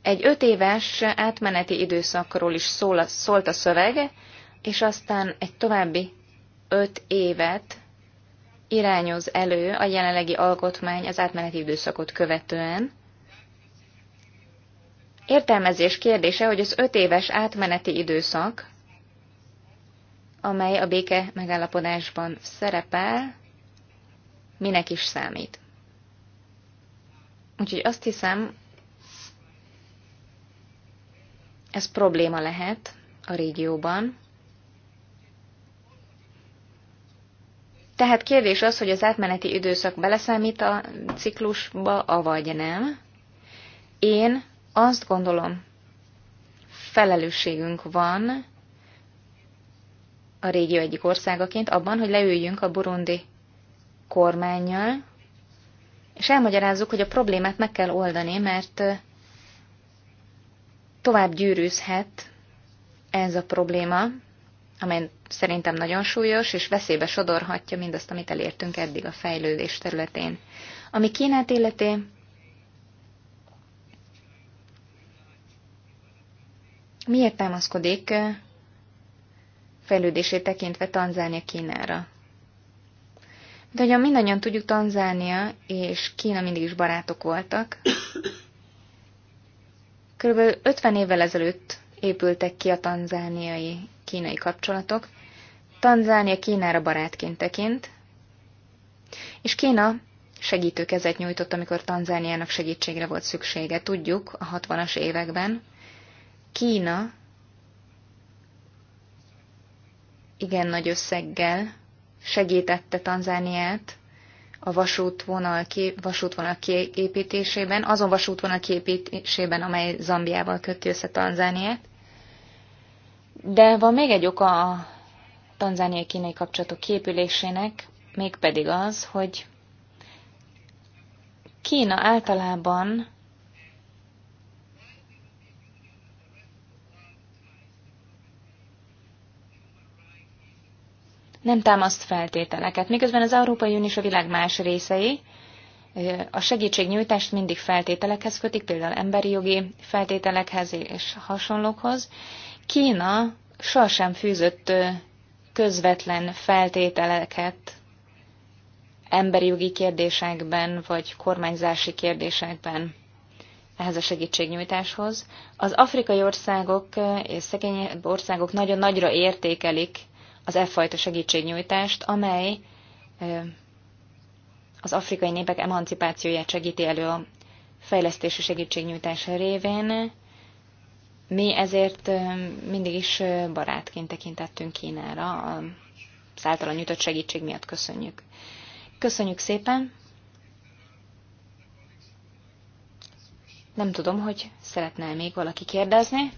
egy öt éves átmeneti időszakról is szól a, szólt a szöveg, és aztán egy további öt évet irányoz elő a jelenlegi alkotmány az átmeneti időszakot követően. Értelmezés kérdése, hogy az öt éves átmeneti időszak amely a béke megállapodásban szerepel, minek is számít. Úgyhogy azt hiszem, ez probléma lehet a régióban. Tehát kérdés az, hogy az átmeneti időszak beleszámít a ciklusba, avagy nem. Én azt gondolom, felelősségünk van a régió egyik országaként abban, hogy leüljünk a burundi kormányjal, és elmagyarázzuk, hogy a problémát meg kell oldani, mert tovább gyűrűzhet ez a probléma, amely szerintem nagyon súlyos, és veszélybe sodorhatja mindazt, amit elértünk eddig a fejlődés területén. Ami Kínát illeti, miért támaszkodik fejlődését tekintve Tanzánia Kínára. De ahogyan mindannyian tudjuk, Tanzánia és Kína mindig is barátok voltak. Körülbelül 50 évvel ezelőtt épültek ki a tanzániai-kínai kapcsolatok. Tanzánia Kínára barátként tekint, és Kína kezet nyújtott, amikor Tanzániának segítségre volt szüksége. Tudjuk, a 60-as években Kína igen nagy összeggel segítette Tanzániát a vasútvonal, kép, vasútvonal kiépítésében, azon vasútvonal kiépítésében, amely Zambiával köti össze Tanzániát. De van még egy oka a tanzániai kínai kapcsolatok képülésének, mégpedig az, hogy Kína általában nem támaszt feltételeket. Miközben az Európai Unió és a világ más részei a segítségnyújtást mindig feltételekhez kötik, például emberi jogi feltételekhez és hasonlókhoz. Kína sohasem fűzött közvetlen feltételeket emberi jogi kérdésekben vagy kormányzási kérdésekben ehhez a segítségnyújtáshoz. Az afrikai országok és szegény országok nagyon nagyra értékelik az e fajta segítségnyújtást, amely az afrikai népek emancipációját segíti elő a fejlesztési segítségnyújtás révén. Mi ezért mindig is barátként tekintettünk Kínára, az általán nyújtott segítség miatt köszönjük. Köszönjük szépen! Nem tudom, hogy szeretne még valaki kérdezni.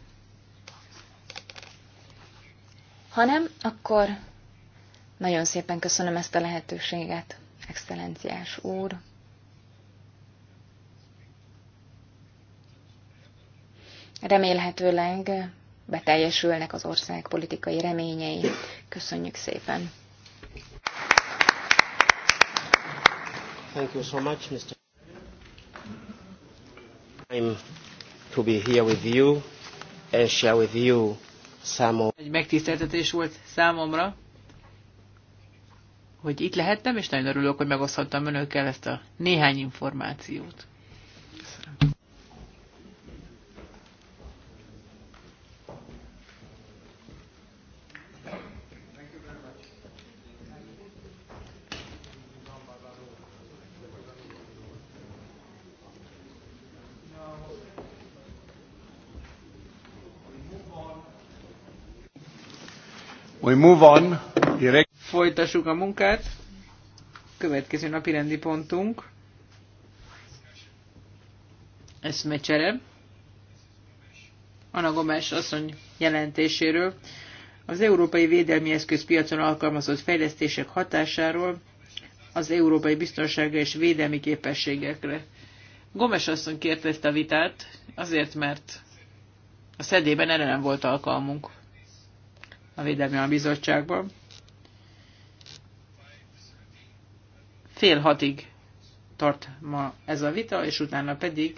Ha nem, akkor nagyon szépen köszönöm ezt a lehetőséget, excellenciás úr. Remélhetőleg beteljesülnek az ország politikai reményei. Köszönjük szépen! Thank you so much, Mr. I'm to be here with you and share with you számomra. Egy megtiszteltetés volt számomra, hogy itt lehettem, és nagyon örülök, hogy megoszthattam önökkel ezt a néhány információt. We move on. direkt. Folytassuk a munkát. Következő napi rendi pontunk. Eszmecsere. Anna Gomes asszony jelentéséről. Az Európai Védelmi Eszköz piacon alkalmazott fejlesztések hatásáról az európai biztonsága és védelmi képességekre. Gomes asszony kérte ezt a vitát, azért mert a szedében erre nem volt alkalmunk a Védelmi a Bizottságban. Fél hatig tart ma ez a vita, és utána pedig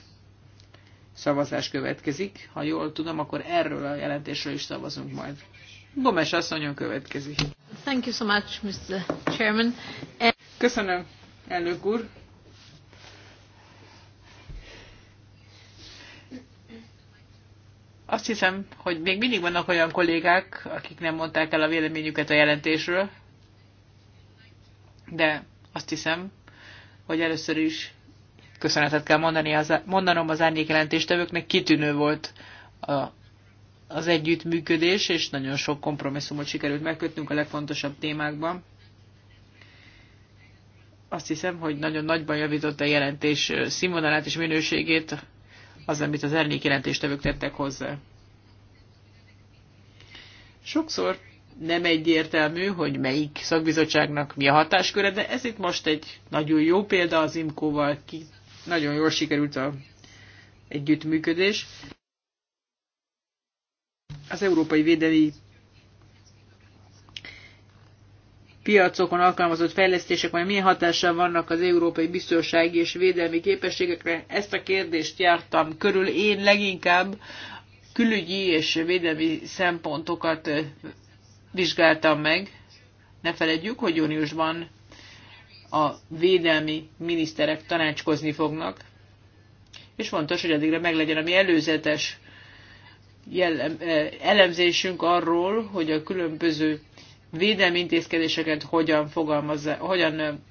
szavazás következik. Ha jól tudom, akkor erről a jelentésről is szavazunk majd. Gomes asszonyon következik. Thank you so much, Mr. Chairman. Köszönöm, elnök úr. Azt hiszem, hogy még mindig vannak olyan kollégák, akik nem mondták el a véleményüket a jelentésről, de azt hiszem, hogy először is köszönetet kell mondani az, mondanom az árnyék jelentéstevőknek, kitűnő volt a, az együttműködés, és nagyon sok kompromisszumot sikerült megkötnünk a legfontosabb témákban. Azt hiszem, hogy nagyon nagyban javította a jelentés színvonalát és minőségét az, amit az árnyékjelentéstevők tettek hozzá. Sokszor nem egyértelmű, hogy melyik szakbizottságnak mi a hatásköre, de ez itt most egy nagyon jó példa az IMKO-val, ki nagyon jól sikerült a együttműködés. Az Európai Védelmi piacokon alkalmazott fejlesztések majd milyen hatással vannak az európai biztonsági és védelmi képességekre. Ezt a kérdést jártam körül. Én leginkább külügyi és védelmi szempontokat vizsgáltam meg. Ne feledjük, hogy júniusban a védelmi miniszterek tanácskozni fognak, és fontos, hogy addigra meglegyen a mi előzetes jellem, elemzésünk arról, hogy a különböző védelmi intézkedéseket hogyan fogalmazza, hogyan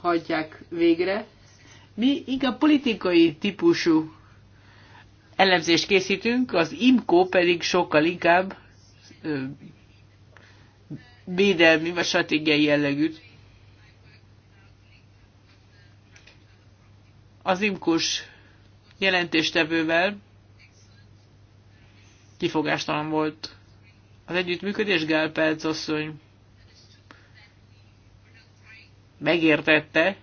hagyják végre. Mi inkább politikai típusú elemzést készítünk, az IMCO pedig sokkal inkább védelmi vagy stratégiai jellegűt. Az imkus jelentéstevővel kifogástalan volt az együttműködés, Gál asszony megértette,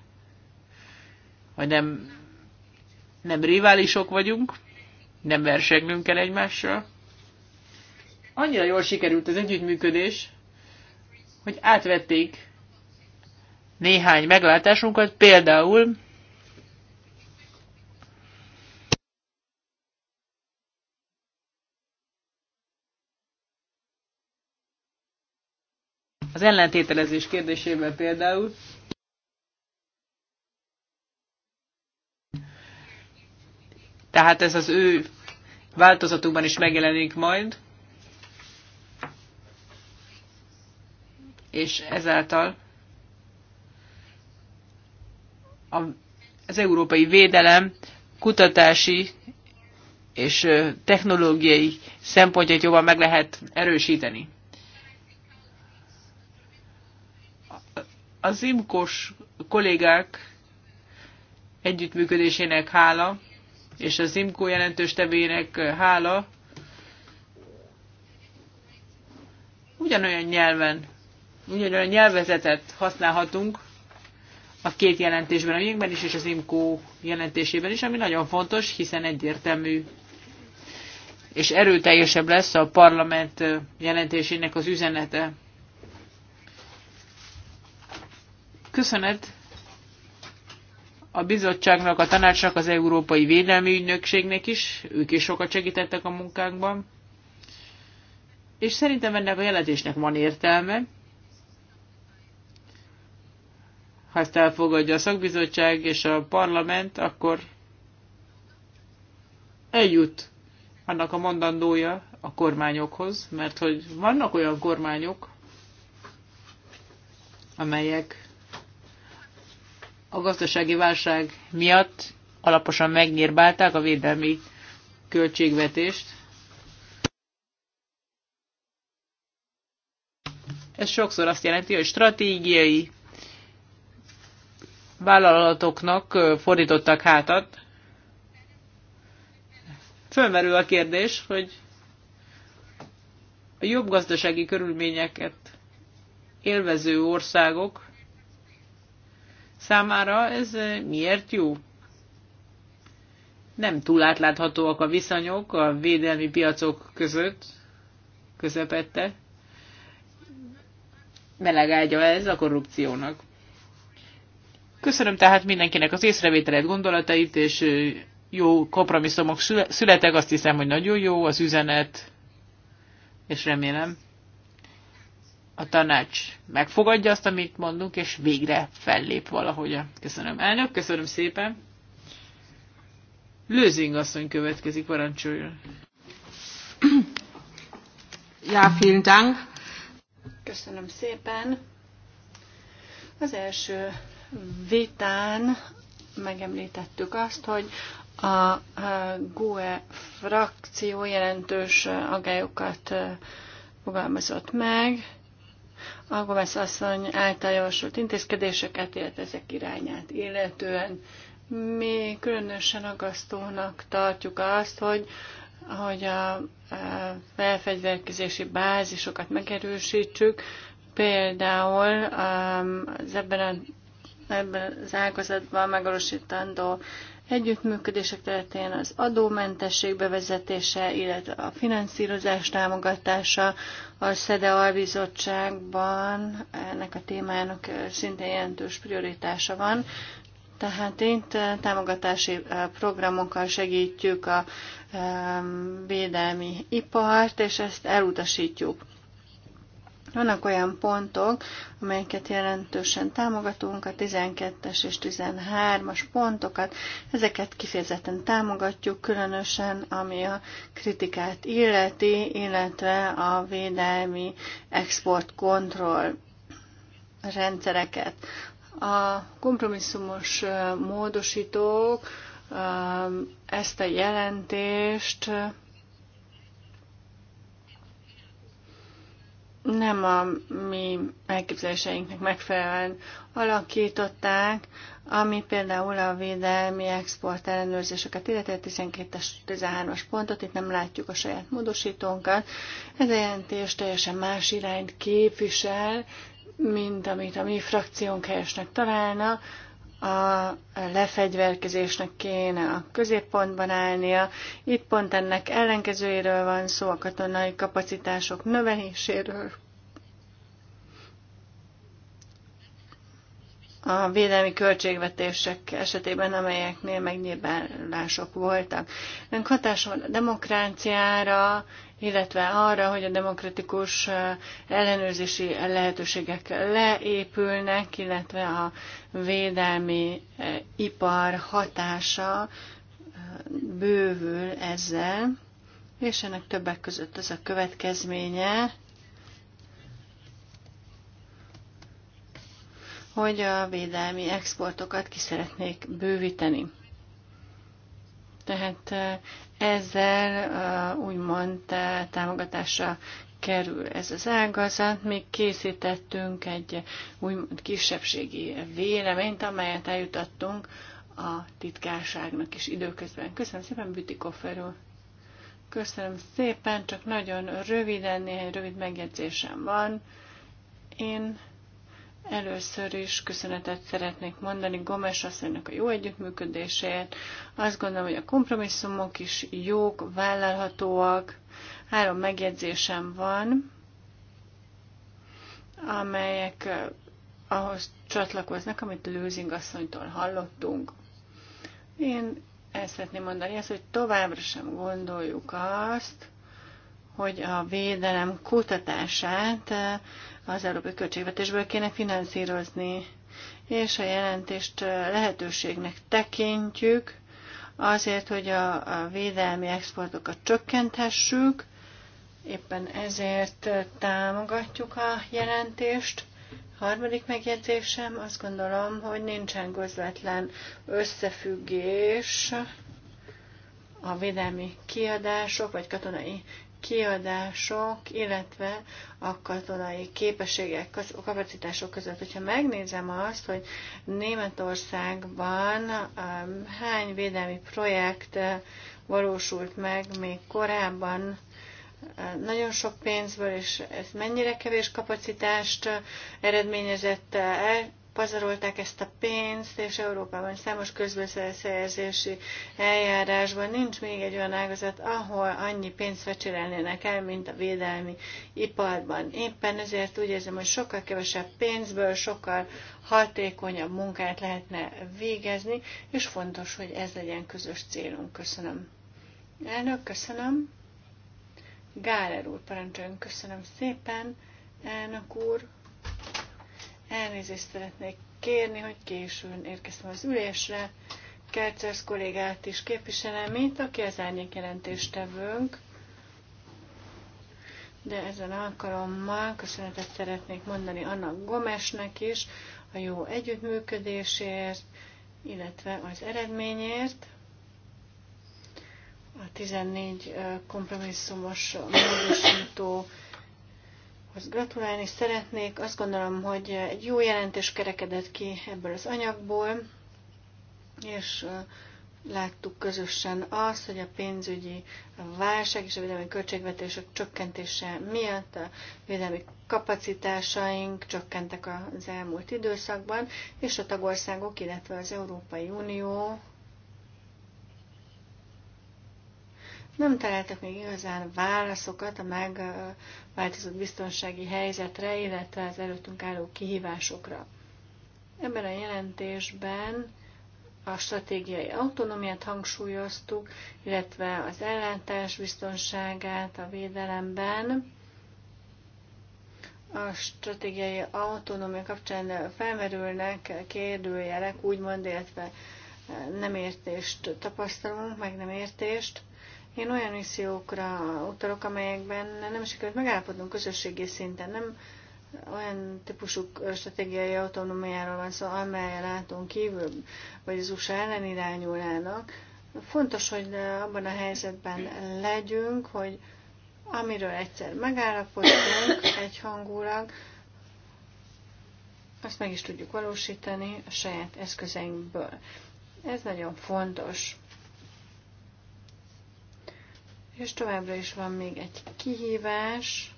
hogy nem, nem riválisok vagyunk, nem versegnünk kell egymással. Annyira jól sikerült az együttműködés, hogy átvették néhány meglátásunkat, például Az ellentételezés kérdésében például. Tehát ez az ő változatukban is megjelenik majd. És ezáltal a, az európai védelem kutatási és technológiai szempontjait jobban meg lehet erősíteni. Az imkos kollégák együttműködésének hála, és az imkó jelentős tevének hála, ugyanolyan nyelven, ugyanolyan nyelvezetet használhatunk a két jelentésben, a miénkben is, és az imkó jelentésében is, ami nagyon fontos, hiszen egyértelmű és erőteljesebb lesz a parlament jelentésének az üzenete. Köszönet a bizottságnak, a tanácsnak, az Európai Védelmi Ügynökségnek is, ők is sokat segítettek a munkánkban. És szerintem ennek a jelentésnek van értelme. Ha ezt elfogadja a szakbizottság és a parlament, akkor eljut annak a mondandója a kormányokhoz, mert hogy vannak olyan kormányok, amelyek a gazdasági válság miatt alaposan megnyírbálták a védelmi költségvetést. Ez sokszor azt jelenti, hogy stratégiai vállalatoknak fordítottak hátat. Fölmerül a kérdés, hogy a jobb gazdasági körülményeket élvező országok számára ez eh, miért jó? Nem túl átláthatóak a viszonyok a védelmi piacok között, közepette. Melegágya ez a korrupciónak. Köszönöm tehát mindenkinek az észrevételet, gondolatait, és eh, jó kompromisszumok születek, azt hiszem, hogy nagyon jó az üzenet, és remélem, a tanács megfogadja azt, amit mondunk, és végre fellép valahogy. Köszönöm, elnök, köszönöm szépen. Lőzing asszony következik, parancsoljon. Ja, vielen Dank. Köszönöm szépen. Az első vitán megemlítettük azt, hogy a GUE frakció jelentős agályokat fogalmazott meg, Algovász asszony által javasolt intézkedéseket, illetve ezek irányát illetően. Mi különösen agasztónak tartjuk azt, hogy hogy a felfegyverkezési bázisokat megerősítsük, például um, az ebben, a, ebben az ágazatban megvalósítandó együttműködések területén az adómentesség bevezetése, illetve a finanszírozás támogatása, a SZEDE albizottságban ennek a témának szintén jelentős prioritása van. Tehát itt támogatási programokkal segítjük a védelmi ipart, és ezt elutasítjuk. Vannak olyan pontok, amelyeket jelentősen támogatunk, a 12-es és 13-as pontokat, ezeket kifejezetten támogatjuk, különösen ami a kritikát illeti, illetve a védelmi exportkontroll rendszereket. A kompromisszumos módosítók ezt a jelentést nem a mi elképzeléseinknek megfelelően alakították, ami például a védelmi export ellenőrzéseket a 12-es, 13-as pontot, itt nem látjuk a saját módosítónkat. Ez a jelentés teljesen más irányt képvisel, mint amit a mi frakciónk helyesnek találna a lefegyverkezésnek kéne a középpontban állnia. Itt pont ennek ellenkezőjéről van szó, a katonai kapacitások növeléséről a védelmi költségvetések esetében, amelyeknél megnyilvánulások voltak. Ennek hatása van a demokráciára, illetve arra, hogy a demokratikus ellenőrzési lehetőségek leépülnek, illetve a védelmi ipar hatása bővül ezzel, és ennek többek között az a következménye, hogy a védelmi exportokat ki szeretnék bővíteni. Tehát ezzel úgymond támogatásra kerül ez az ágazat. Még készítettünk egy úgymond kisebbségi véleményt, amelyet eljutattunk a titkárságnak is időközben. Köszönöm szépen, Bütikoferül! Köszönöm szépen, csak nagyon röviden, néhány rövid megjegyzésem van. Én Először is köszönetet szeretnék mondani Gomes asszonynak a jó együttműködéséért. Azt gondolom, hogy a kompromisszumok is jók, vállalhatóak. Három megjegyzésem van, amelyek eh, ahhoz csatlakoznak, amit Lőzing asszonytól hallottunk. Én ezt szeretném mondani, ezt, hogy továbbra sem gondoljuk azt, hogy a védelem kutatását eh, az európai költségvetésből kéne finanszírozni, és a jelentést eh, lehetőségnek tekintjük, azért, hogy a védelmi exportokat csökkenthessük, éppen ezért eh, támogatjuk a jelentést. Harmadik megjegyzésem, azt gondolom, hogy nincsen közvetlen összefüggés a védelmi kiadások vagy katonai kiadások, illetve a katonai képességek, a kapacitások között. Hogyha megnézem azt, hogy Németországban um, hány védelmi projekt uh, valósult meg még korábban, uh, nagyon sok pénzből, és ez mennyire kevés kapacitást uh, eredményezett el, pazarolták ezt a pénzt, és Európában számos közbeszerzési eljárásban nincs még egy olyan ágazat, ahol annyi pénzt fecsérelnének el, mint a védelmi iparban. Éppen ezért úgy érzem, hogy sokkal kevesebb pénzből, sokkal hatékonyabb munkát lehetne végezni, és fontos, hogy ez legyen közös célunk. Köszönöm. Elnök, köszönöm. Gáler úr, parancsoljon, köszönöm szépen. Elnök úr, Elnézést szeretnék kérni, hogy későn érkeztem az ülésre. Kercers kollégát is képviselem mint aki az árnyék jelentéstevőnk. De ezen alkalommal köszönetet szeretnék mondani annak Gomesnek is, a jó együttműködésért, illetve az eredményért. A 14 kompromisszumos módosító azt gratulálni szeretnék. Azt gondolom, hogy egy jó jelentés kerekedett ki ebből az anyagból, és láttuk közösen azt, hogy a pénzügyi válság és a védelmi költségvetések csökkentése miatt a védelmi kapacitásaink csökkentek az elmúlt időszakban, és a tagországok, illetve az Európai Unió nem találtak még igazán válaszokat a megváltozott biztonsági helyzetre, illetve az előttünk álló kihívásokra. Ebben a jelentésben a stratégiai autonómiát hangsúlyoztuk, illetve az ellátás biztonságát a védelemben. A stratégiai autonómia kapcsán felmerülnek kérdőjelek, úgymond, illetve nem értést tapasztalunk, meg nem értést. Én olyan missziókra utalok, amelyekben nem sikerült megállapodnunk közösségi szinten, nem olyan típusú stratégiai autonómiáról van szó, amely látunk kívül, vagy az USA ellen irányulának. Fontos, hogy abban a helyzetben legyünk, hogy amiről egyszer megállapodtunk egyhangulag, azt meg is tudjuk valósítani a saját eszközeinkből. Ez nagyon fontos. És továbbra is van még egy kihívás,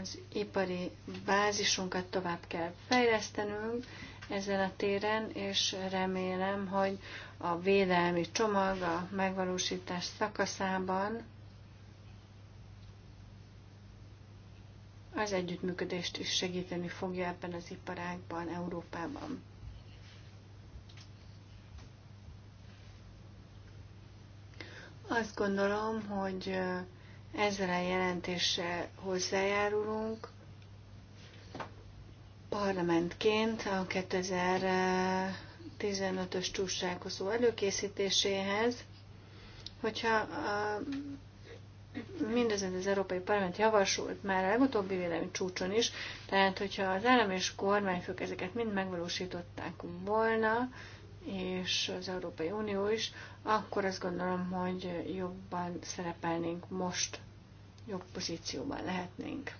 az ipari bázisunkat tovább kell fejlesztenünk ezen a téren, és remélem, hogy a védelmi csomag a megvalósítás szakaszában az együttműködést is segíteni fogja ebben az iparágban, Európában. Azt gondolom, hogy ezzel a jelentéssel hozzájárulunk parlamentként a 2015-ös csúcsálkozó előkészítéséhez, hogyha mindezen az Európai Parlament javasolt már a legutóbbi vélemény csúcson is, tehát hogyha az állam és kormányfők ezeket mind megvalósították volna, és az Európai Unió is, akkor azt gondolom, hogy jobban szerepelnénk most, jobb pozícióban lehetnénk.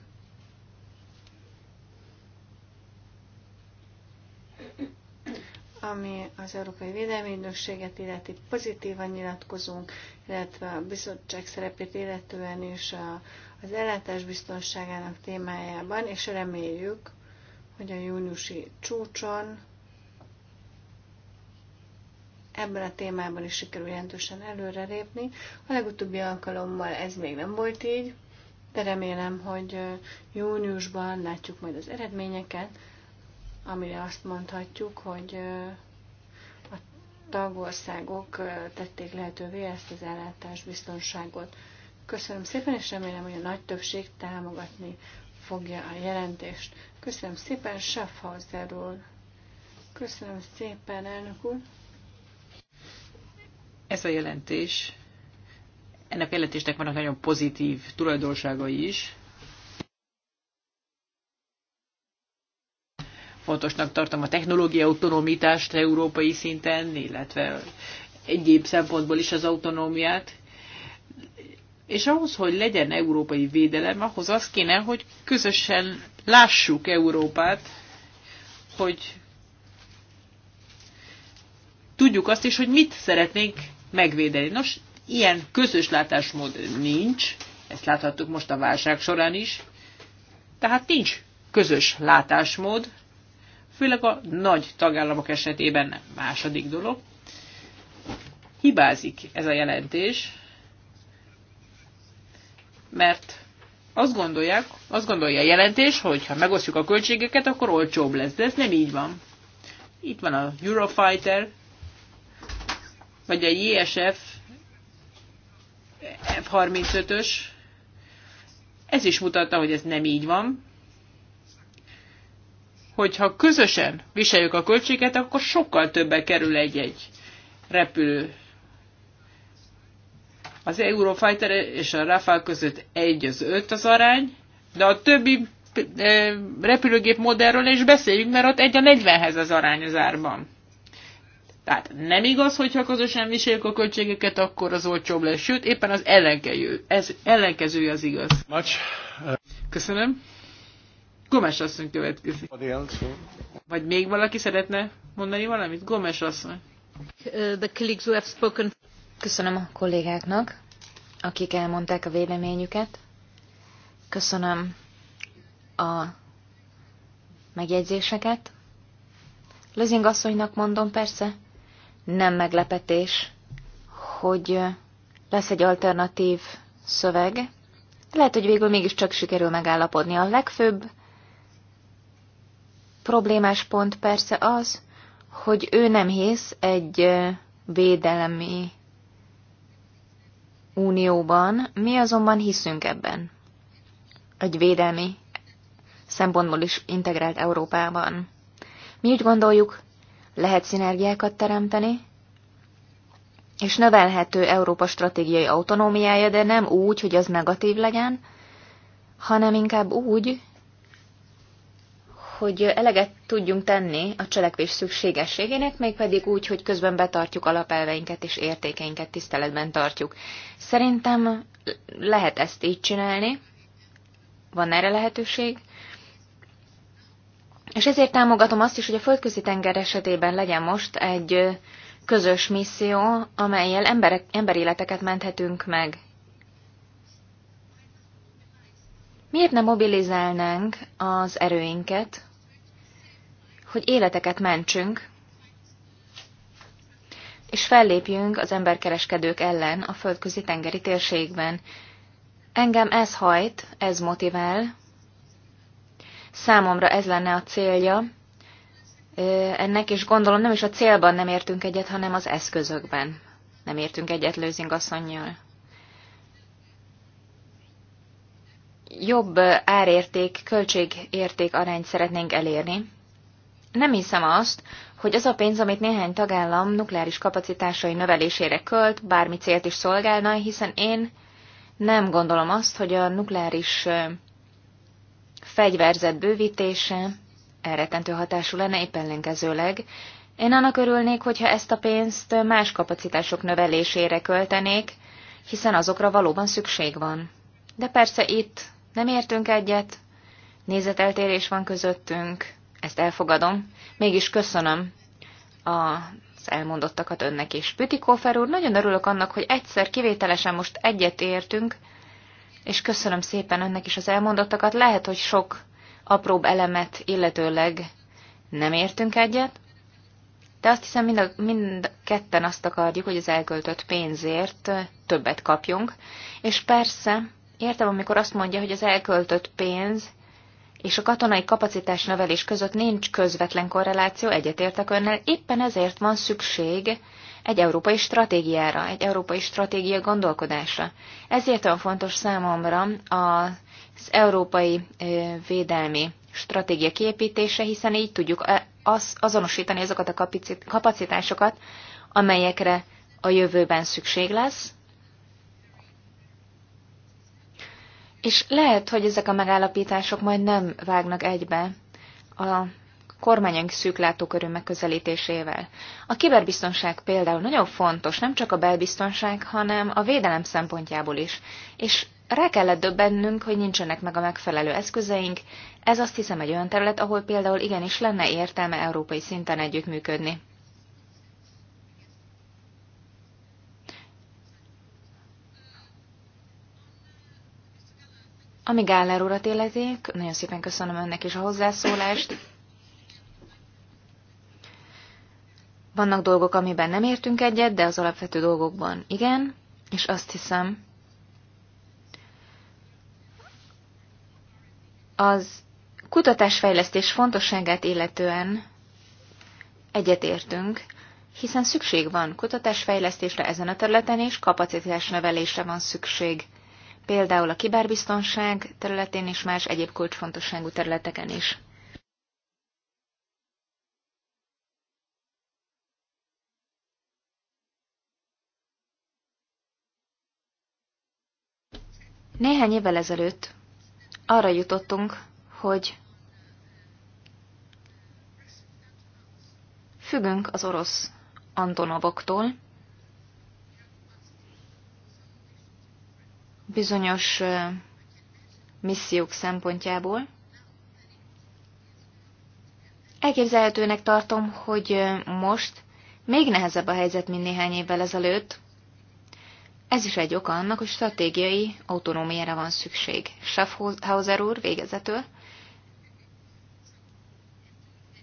ami az Európai Védelmi Ügynökséget illeti pozitívan nyilatkozunk, illetve a bizottság szerepét illetően is a, az ellátás biztonságának témájában, és reméljük, hogy a júniusi csúcson ebben a témában is sikerül jelentősen előrelépni. A legutóbbi alkalommal ez még nem volt így, de remélem, hogy júniusban látjuk majd az eredményeket, amire azt mondhatjuk, hogy a tagországok tették lehetővé ezt az ellátás biztonságot. Köszönöm szépen, és remélem, hogy a nagy többség támogatni fogja a jelentést. Köszönöm szépen, Schaffhauser úr. Köszönöm szépen, elnök úr. Ez a jelentés, ennek a jelentésnek vannak nagyon pozitív tulajdonságai is. Fontosnak tartom a technológia autonomitást európai szinten, illetve egyéb szempontból is az autonómiát. És ahhoz, hogy legyen európai védelem, ahhoz az kéne, hogy közösen lássuk Európát, hogy tudjuk azt is, hogy mit szeretnénk megvédeni. Nos, ilyen közös látásmód nincs, ezt láthattuk most a válság során is, tehát nincs közös látásmód, főleg a nagy tagállamok esetében nem. Második dolog, hibázik ez a jelentés, mert azt gondolják, azt gondolja a jelentés, hogy ha megosztjuk a költségeket, akkor olcsóbb lesz, de ez nem így van. Itt van a Eurofighter, vagy a JSF F-35-ös, ez is mutatta, hogy ez nem így van. Hogyha közösen viseljük a költséget, akkor sokkal többen kerül egy-egy repülő. Az Eurofighter és a Rafale között egy az öt az arány, de a többi eh, repülőgép modellről is beszéljünk, mert ott egy a 40-hez az arány az árban. Tehát nem igaz, hogyha közösen viseljük a költségeket, akkor az olcsóbb lesz. Sőt, éppen az ellenkező, ez ellenkezője az igaz. Much. Köszönöm. Gomes asszony következik. Vagy még valaki szeretne mondani valamit? Gomes asszony. The colleagues who have spoken. Köszönöm a kollégáknak, akik elmondták a véleményüket. Köszönöm a megjegyzéseket. Lözing asszonynak mondom, persze nem meglepetés, hogy lesz egy alternatív szöveg. Lehet, hogy végül mégiscsak sikerül megállapodni. A legfőbb problémás pont persze az, hogy ő nem hisz egy védelmi unióban, mi azonban hiszünk ebben. Egy védelmi szempontból is integrált Európában. Mi úgy gondoljuk, lehet szinergiákat teremteni, és növelhető Európa stratégiai autonómiája, de nem úgy, hogy az negatív legyen, hanem inkább úgy, hogy eleget tudjunk tenni a cselekvés szükségességének, mégpedig úgy, hogy közben betartjuk alapelveinket és értékeinket tiszteletben tartjuk. Szerintem lehet ezt így csinálni, van erre lehetőség, és ezért támogatom azt is, hogy a földközi tenger esetében legyen most egy közös misszió, amelyel emberek, emberéleteket menthetünk meg. Miért nem mobilizálnánk az erőinket, hogy életeket mentsünk, és fellépjünk az emberkereskedők ellen a földközi tengeri térségben. Engem ez hajt, ez motivál, Számomra ez lenne a célja ennek, és gondolom nem is a célban nem értünk egyet, hanem az eszközökben nem értünk egyet Lőzing asszonynyal. Jobb árérték, költségérték arányt szeretnénk elérni. Nem hiszem azt, hogy az a pénz, amit néhány tagállam nukleáris kapacitásai növelésére költ, bármi célt is szolgálna, hiszen én nem gondolom azt, hogy a nukleáris fegyverzet bővítése elretentő hatású lenne, éppen ellenkezőleg. Én annak örülnék, hogyha ezt a pénzt más kapacitások növelésére költenék, hiszen azokra valóban szükség van. De persze itt nem értünk egyet, nézeteltérés van közöttünk, ezt elfogadom, mégis köszönöm a elmondottakat önnek is. Pütikófer úr, nagyon örülök annak, hogy egyszer kivételesen most egyet értünk, és köszönöm szépen önnek is az elmondottakat. Lehet, hogy sok apróbb elemet illetőleg nem értünk egyet, de azt hiszem mind a, mind ketten azt akarjuk, hogy az elköltött pénzért többet kapjunk. És persze, értem, amikor azt mondja, hogy az elköltött pénz és a katonai kapacitás növelés között nincs közvetlen korreláció, egyetértek önnel, éppen ezért van szükség egy európai stratégiára, egy európai stratégia gondolkodásra. Ezért olyan fontos számomra az európai védelmi stratégia kiépítése, hiszen így tudjuk azonosítani azokat a kapacitásokat, amelyekre a jövőben szükség lesz, és lehet, hogy ezek a megállapítások majd nem vágnak egybe a kormányunk szűklátókörű megközelítésével. A kiberbiztonság például nagyon fontos, nem csak a belbiztonság, hanem a védelem szempontjából is. És rá kellett döbbennünk, hogy nincsenek meg a megfelelő eszközeink, ez azt hiszem egy olyan terület, ahol például igenis lenne értelme európai szinten együttműködni. Ami Gáller urat életik, nagyon szépen köszönöm önnek is a hozzászólást. Vannak dolgok, amiben nem értünk egyet, de az alapvető dolgokban igen, és azt hiszem, az kutatásfejlesztés fontosságát illetően egyetértünk, hiszen szükség van kutatásfejlesztésre ezen a területen, és kapacitás növelésre van szükség, például a kiberbiztonság területén és más egyéb kulcsfontosságú területeken is. Néhány évvel ezelőtt arra jutottunk, hogy függünk az orosz Antonovoktól, bizonyos missziók szempontjából. Elképzelhetőnek tartom, hogy most még nehezebb a helyzet, mint néhány évvel ezelőtt, ez is egy oka annak, hogy stratégiai autonómiára van szükség. Schaffhauser úr végezetül.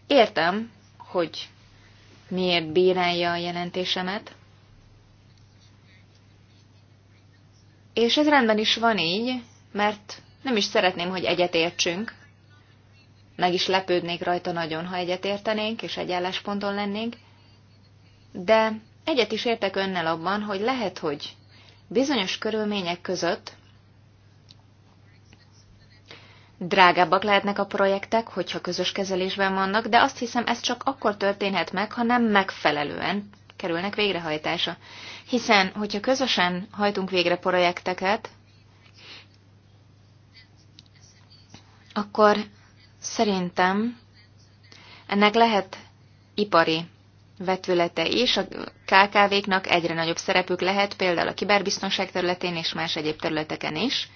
Értem, hogy miért bírálja a jelentésemet, és ez rendben is van így, mert nem is szeretném, hogy egyetértsünk. Meg is lepődnék rajta nagyon, ha egyetértenénk, és egy állásponton lennénk. De egyet is értek önnel abban, hogy lehet, hogy bizonyos körülmények között drágábbak lehetnek a projektek, hogyha közös kezelésben vannak, de azt hiszem ez csak akkor történhet meg, ha nem megfelelően kerülnek végrehajtása. Hiszen, hogyha közösen hajtunk végre projekteket, akkor szerintem ennek lehet ipari vetülete is. A KKV-knak egyre nagyobb szerepük lehet, például a kiberbiztonság területén és más egyéb területeken is.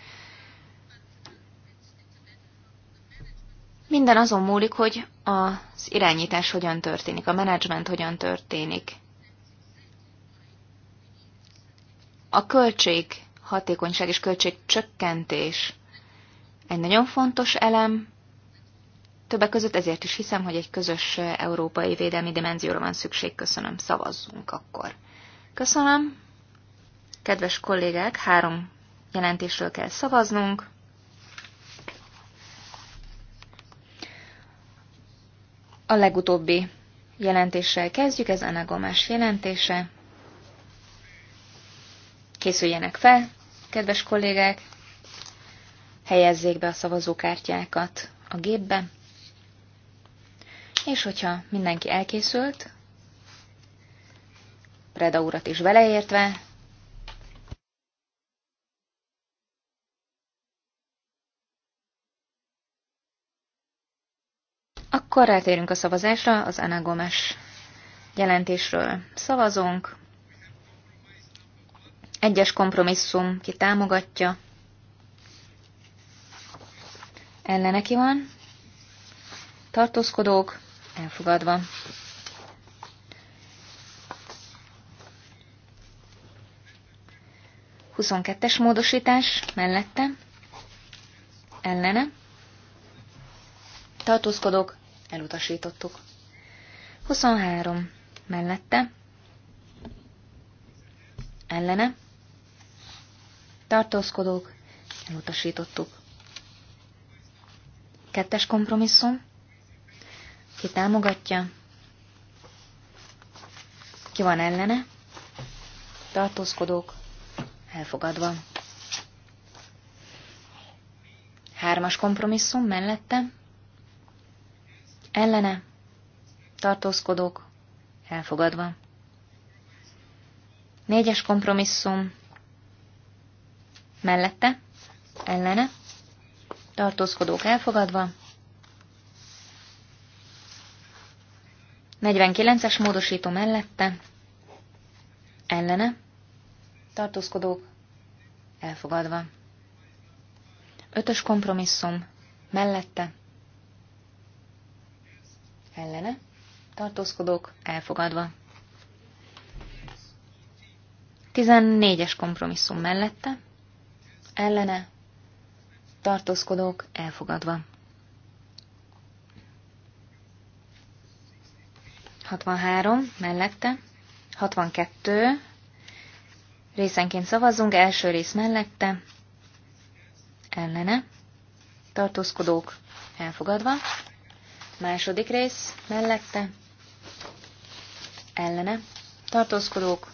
Minden azon múlik, hogy az irányítás hogyan történik, a menedzsment hogyan történik. A költség hatékonyság és költség csökkentés egy nagyon fontos elem, Többek között ezért is hiszem, hogy egy közös európai védelmi dimenzióra van szükség. Köszönöm, szavazzunk akkor. Köszönöm. Kedves kollégák, három jelentésről kell szavaznunk. A legutóbbi jelentéssel kezdjük, ez Anna Gomes jelentése. Készüljenek fel, kedves kollégák, helyezzék be a szavazókártyákat a gépbe. És hogyha mindenki elkészült, Preda urat is beleértve, Akkor rátérünk a szavazásra az Anagomes jelentésről. Szavazunk. Egyes kompromisszum, ki támogatja. Ellene ki van. Tartózkodók. Elfogadva. Huszonkettes módosítás mellette. Ellene. tartózkodok, Elutasítottuk. 23. Mellette. Ellene. Tartózkodók. Elutasítottuk. Kettes kompromisszum. Ki támogatja? Ki van ellene? Tartózkodók. Elfogadva. Hármas kompromisszum mellette. Ellene. Tartózkodók. Elfogadva. Négyes kompromisszum. Mellette. Ellene. Tartózkodók elfogadva. 49-es módosító mellette, ellene, tartózkodók, elfogadva. Ötös kompromisszum, mellette, ellene, tartózkodók, elfogadva. 14-es kompromisszum mellette, ellene, tartózkodók, elfogadva. 63 mellette, 62 részenként szavazunk, első rész mellette, ellene, tartózkodók elfogadva, második rész mellette, ellene, tartózkodók,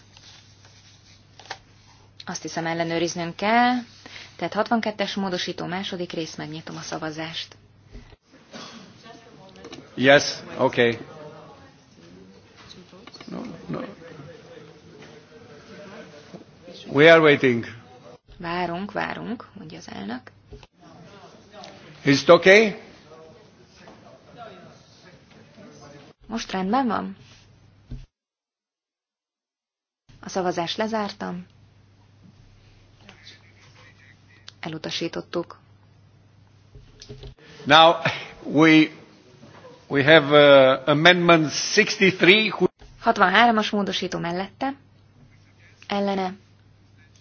azt hiszem ellenőriznünk kell, tehát 62-es módosító második rész, megnyitom a szavazást. Yes, okay. We are waiting. Várunk, várunk, mondja az elnök. Is it okay? Most rendben van? A szavazást lezártam. Elutasítottuk. Now we we have uh, amendment 63. 63-as módosító mellette. Ellene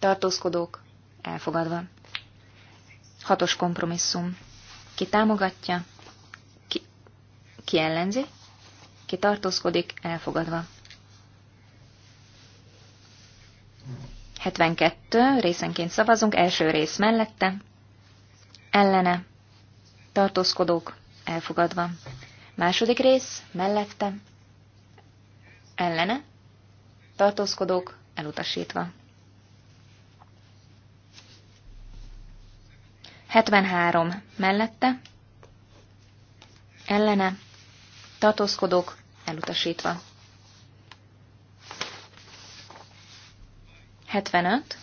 tartózkodók, elfogadva. Hatos kompromisszum. Ki támogatja, ki, ki ellenzi, ki tartózkodik, elfogadva. 72. Részenként szavazunk. Első rész mellette. Ellene. Tartózkodók. Elfogadva. Második rész. Mellette. Ellene. Tartózkodók. Elutasítva. 73 mellette, ellene, tartózkodók elutasítva. 75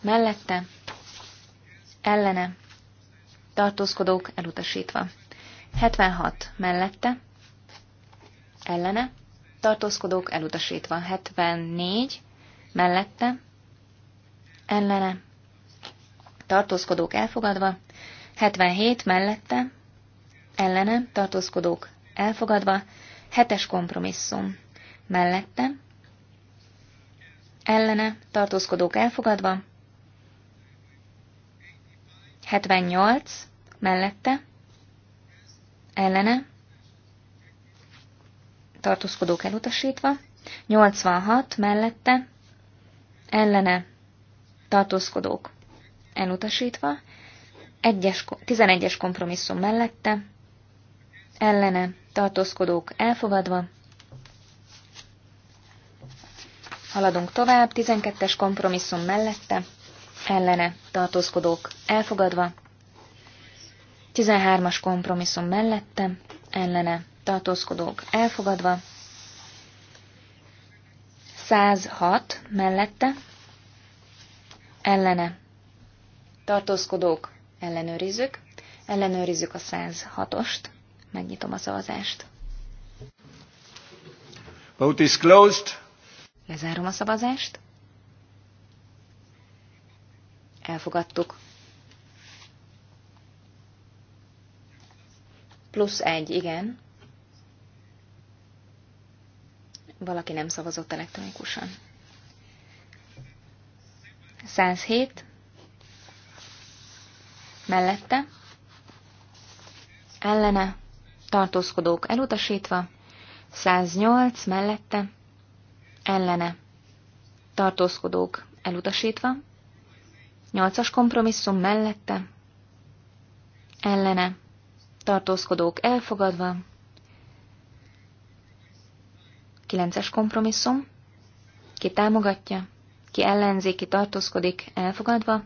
mellette, ellene, tartózkodók elutasítva. 76 mellette, ellene, tartózkodók elutasítva. 74 mellette, ellene, tartózkodók elfogadva, 77 mellette, ellene, tartózkodók elfogadva, 7-es kompromisszum mellette, ellene, tartózkodók elfogadva, 78 mellette, ellene, tartózkodók elutasítva, 86 mellette, ellene, tartózkodók elutasítva, 11-es kompromisszum mellette, ellene tartózkodók elfogadva, haladunk tovább, 12-es kompromisszum mellette, ellene tartózkodók elfogadva, 13-as kompromisszum mellette, ellene tartózkodók elfogadva, 106 mellette, ellene tartózkodók, ellenőrizzük. Ellenőrizzük a 106-ost. Megnyitom a szavazást. Vote is closed. Lezárom a szavazást. Elfogadtuk. Plusz egy, igen. Valaki nem szavazott elektronikusan. 107, mellette, ellene, tartózkodók elutasítva, 108 mellette, ellene, tartózkodók elutasítva, 8-as kompromisszum mellette, ellene, tartózkodók elfogadva, 9-es kompromisszum, ki támogatja, ki ellenzi, ki tartózkodik, elfogadva,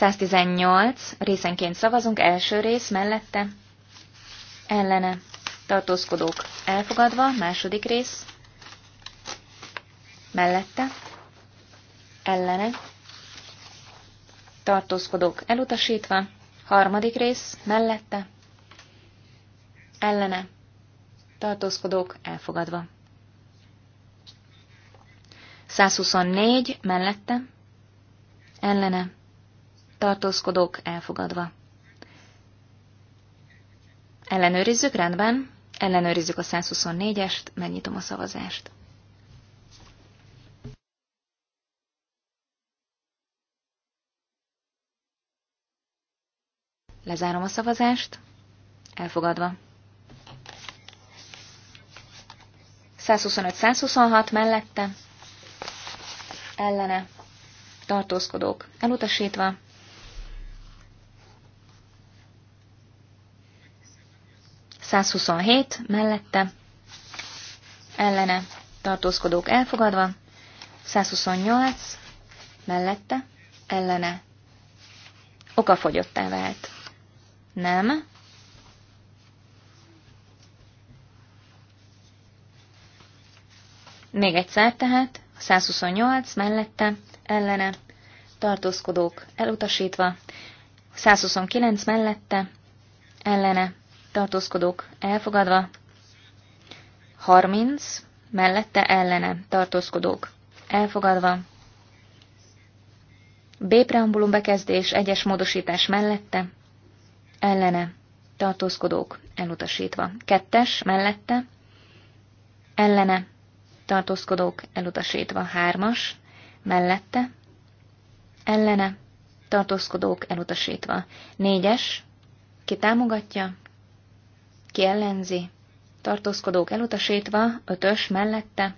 118 részenként szavazunk, első rész mellette, ellene, tartózkodók elfogadva, második rész, mellette, ellene, tartózkodók elutasítva, harmadik rész, mellette, ellene, tartózkodók elfogadva. 124 mellette, ellene, tartózkodók elfogadva. Ellenőrizzük, rendben. Ellenőrizzük a 124-est, megnyitom a szavazást. Lezárom a szavazást. Elfogadva. 125-126 mellette. Ellene. Tartózkodók. Elutasítva. 127 mellette, ellene tartózkodók elfogadva, 128 mellette, ellene okafogyottá vált. Nem. Még egyszer tehát, 128 mellette, ellene, tartózkodók elutasítva, 129 mellette, ellene, tartózkodók elfogadva, 30 mellette ellene tartózkodók elfogadva, B preambulum bekezdés egyes módosítás mellette, ellene tartózkodók elutasítva, kettes mellette, ellene tartózkodók elutasítva, hármas mellette, ellene tartózkodók elutasítva, négyes, ki támogatja, ki ellenzi, tartózkodók elutasítva, ötös mellette,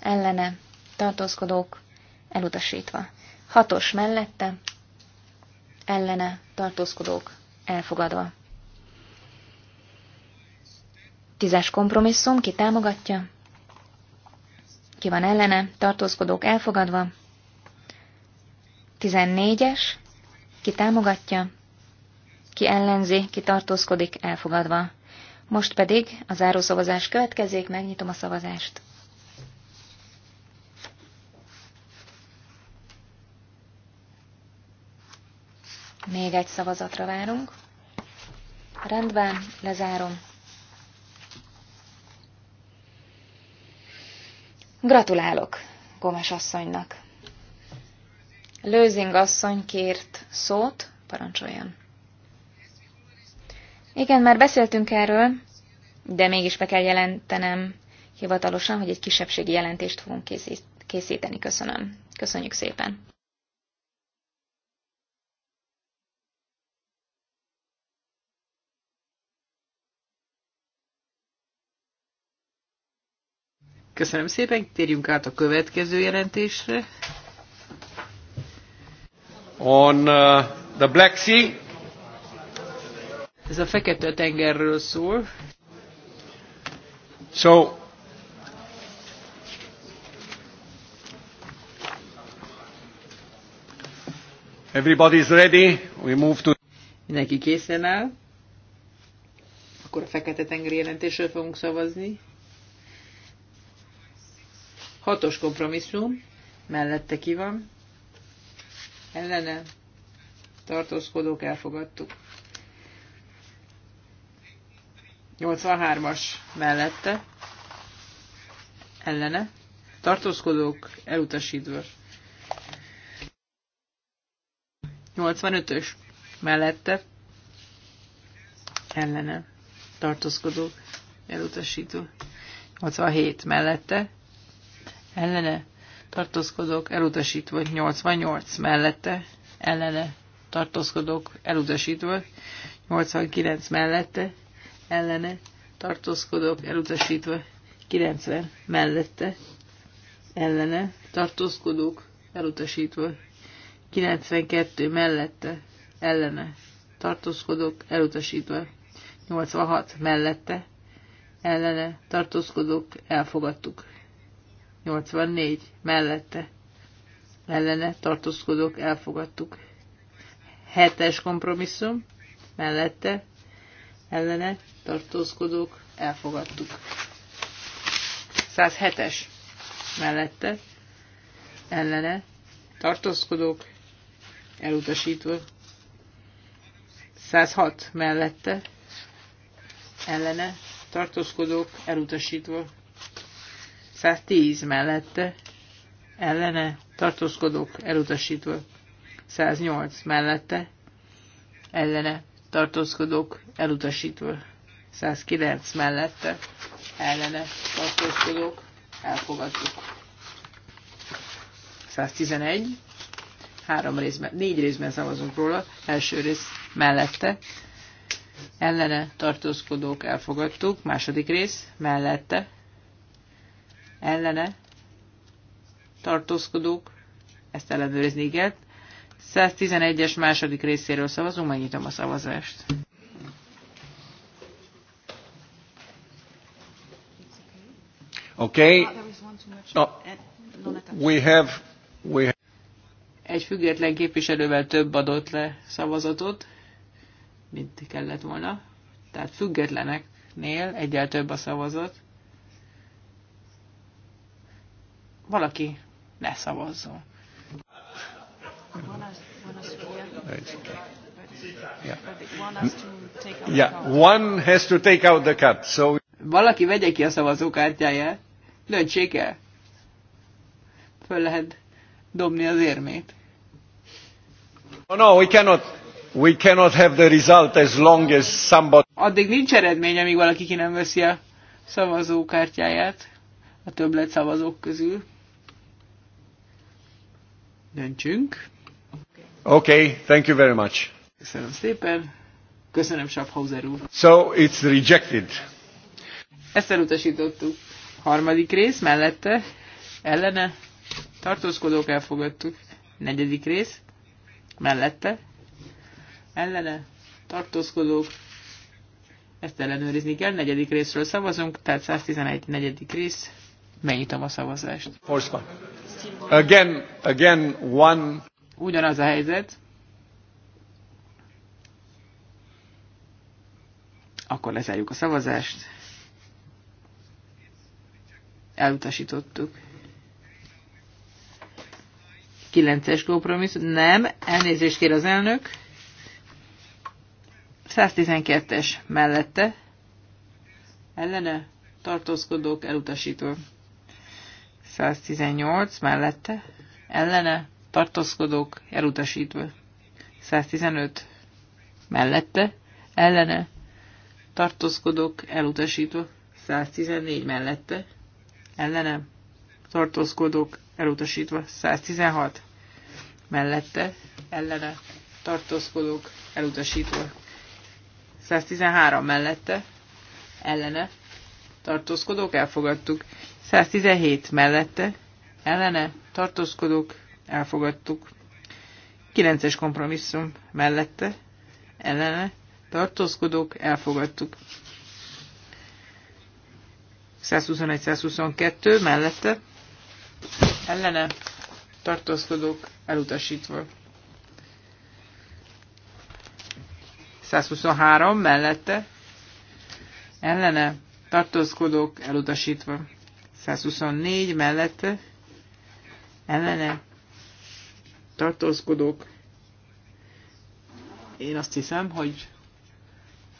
ellene, tartózkodók elutasítva, hatos mellette, ellene, tartózkodók elfogadva. Tízes kompromisszum, ki támogatja? Ki van ellene, tartózkodók elfogadva? Tizennégyes, ki támogatja? Ki ellenzi, ki tartózkodik elfogadva? Most pedig a zárószavazás következik, megnyitom a szavazást. Még egy szavazatra várunk. Rendben, lezárom. Gratulálok Gomes asszonynak. Lőzing asszony kért szót, parancsoljon. Igen, már beszéltünk erről, de mégis be kell jelentenem hivatalosan, hogy egy kisebbségi jelentést fogunk készíteni. Köszönöm. Köszönjük szépen. Köszönöm szépen, térjünk át a következő jelentésre. On uh, the Black Sea ez a fekete tengerről szól. So, everybody's ready. We move to... Mindenki készen áll. Akkor a fekete tengeri jelentésről fogunk szavazni. Hatos kompromisszum. Mellette ki van. Ellene tartózkodók elfogadtuk. 83-as mellette ellene tartózkodók elutasítva. 85-ös mellette ellene tartózkodók elutasítva. 87 mellette ellene tartózkodók elutasítva. 88 mellette ellene tartózkodók elutasítva. 89 mellette ellene tartózkodok, elutasítva 90 mellette ellene tartózkodók elutasítva 92 mellette ellene tartózkodok, elutasítva 86 mellette ellene tartózkodók elfogadtuk 84 mellette ellene tartózkodók elfogadtuk 7-es kompromisszum mellette ellene tartózkodók elfogadtuk. 107-es mellette ellene tartózkodók elutasítva. 106 mellette ellene tartózkodók elutasítva. 110 mellette ellene tartózkodók elutasítva. 108 mellette ellene tartózkodók elutasítva. 109 mellette ellene tartózkodók elfogadtuk. 111, három részben, négy részben szavazunk róla, első rész mellette, ellene tartózkodók elfogadtuk, második rész mellette, ellene tartózkodók, ezt ellenőrizni kell, 111-es második részéről szavazunk, megnyitom a szavazást. Okay. Oh, no, oh. eh, we have, we have. Egy független képviselővel több adott le szavazatot, mint kellett volna. Tehát függetleneknél egyel több a szavazat. Valaki ne szavazzon. Yeah. One has to take out the cut. so... Valaki vegye ki a szavazókártyáját. Döntsék el. Föl lehet dobni az érmét. No, oh, no, we cannot, we cannot have the result as long as somebody... Addig nincs eredmény, amíg valaki ki nem veszi a szavazókártyáját a többlet szavazók közül. Döntsünk. Okay, thank you very much. Köszönöm szépen. Köszönöm Schaffhauser úr. So it's rejected. Ezt elutasítottuk. Harmadik rész mellette, ellene, tartózkodók elfogadtuk. Negyedik rész, mellette, ellene, tartózkodók, ezt ellenőrizni kell. Negyedik részről szavazunk, tehát 111. negyedik rész. Megnyitom a szavazást. Again, again, one ugyanaz a helyzet, akkor lezárjuk a szavazást. Elutasítottuk. 9-es kompromisszum. Nem, elnézést kér az elnök. 112-es mellette. Ellene tartózkodók elutasító. 118 mellette. Ellene tartózkodók elutasítva. 115 mellette, ellene, tartózkodók elutasítva. 114 mellette, ellene, tartózkodók elutasítva. 116 mellette, ellene, tartózkodók elutasítva. 113 mellette, ellene, tartózkodók elfogadtuk. 117 mellette, ellene, tartózkodók elfogadtuk. Kilences kompromisszum mellette, ellene, tartózkodók, elfogadtuk. 121-122 mellette, ellene, tartózkodók, elutasítva. 123 mellette, ellene, tartózkodók, elutasítva. 124 mellette, ellene, tartózkodók. Én azt hiszem, hogy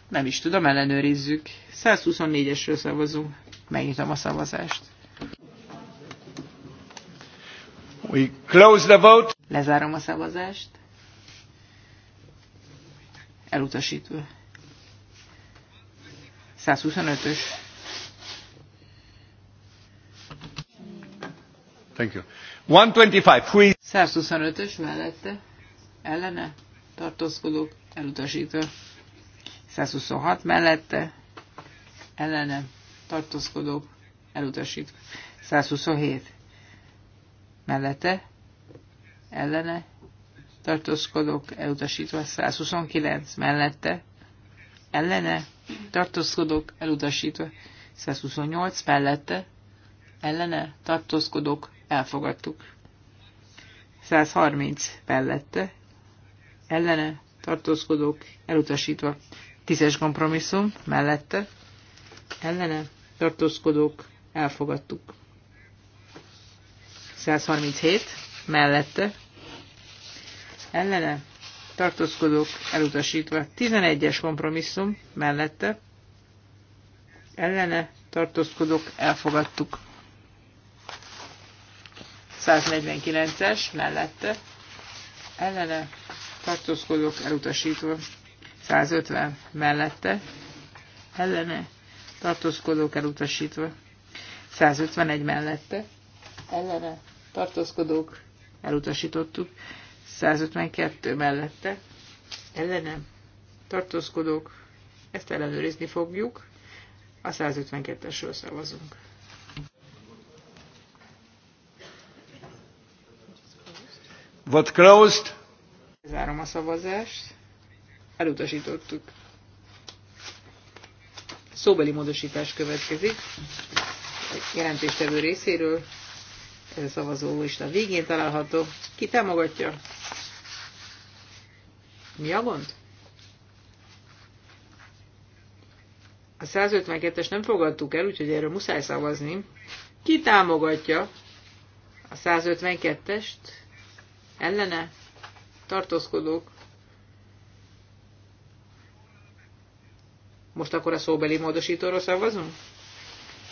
nem is tudom, ellenőrizzük. 124-esről szavazunk. Megnyitom a szavazást. We close the vote. Lezárom a szavazást. Elutasítva. 125-ös. Thank you. 125. 125-ös mellette ellene tartózkodók elutasítva. 126 mellette ellene tartózkodók elutasítva. 127 mellette ellene tartózkodók elutasítva. 129 mellette ellene tartózkodók elutasítva. 128 mellette ellene tartózkodók elfogadtuk. 130 mellette, ellene tartózkodók elutasítva. Tízes kompromisszum mellette, ellene tartózkodók elfogadtuk. 137 mellette, ellene tartózkodók elutasítva. 11-es kompromisszum mellette, ellene tartózkodók elfogadtuk. 149-es mellette ellene tartózkodók elutasítva. 150 mellette ellene tartózkodók elutasítva. 151 mellette ellene tartózkodók elutasítottuk. 152 mellette ellene tartózkodók ezt ellenőrizni fogjuk. A 152-esről szavazunk. What closed? Zárom a szavazást. Elutasítottuk. Szóbeli módosítás következik. A jelentéstevő részéről. Ez a a végén található. Ki támogatja? Mi a gond? A 152-es nem fogadtuk el, úgyhogy erről muszáj szavazni. Ki támogatja a 152-est? ellene tartózkodók. Most akkor a szóbeli módosítóra szavazunk?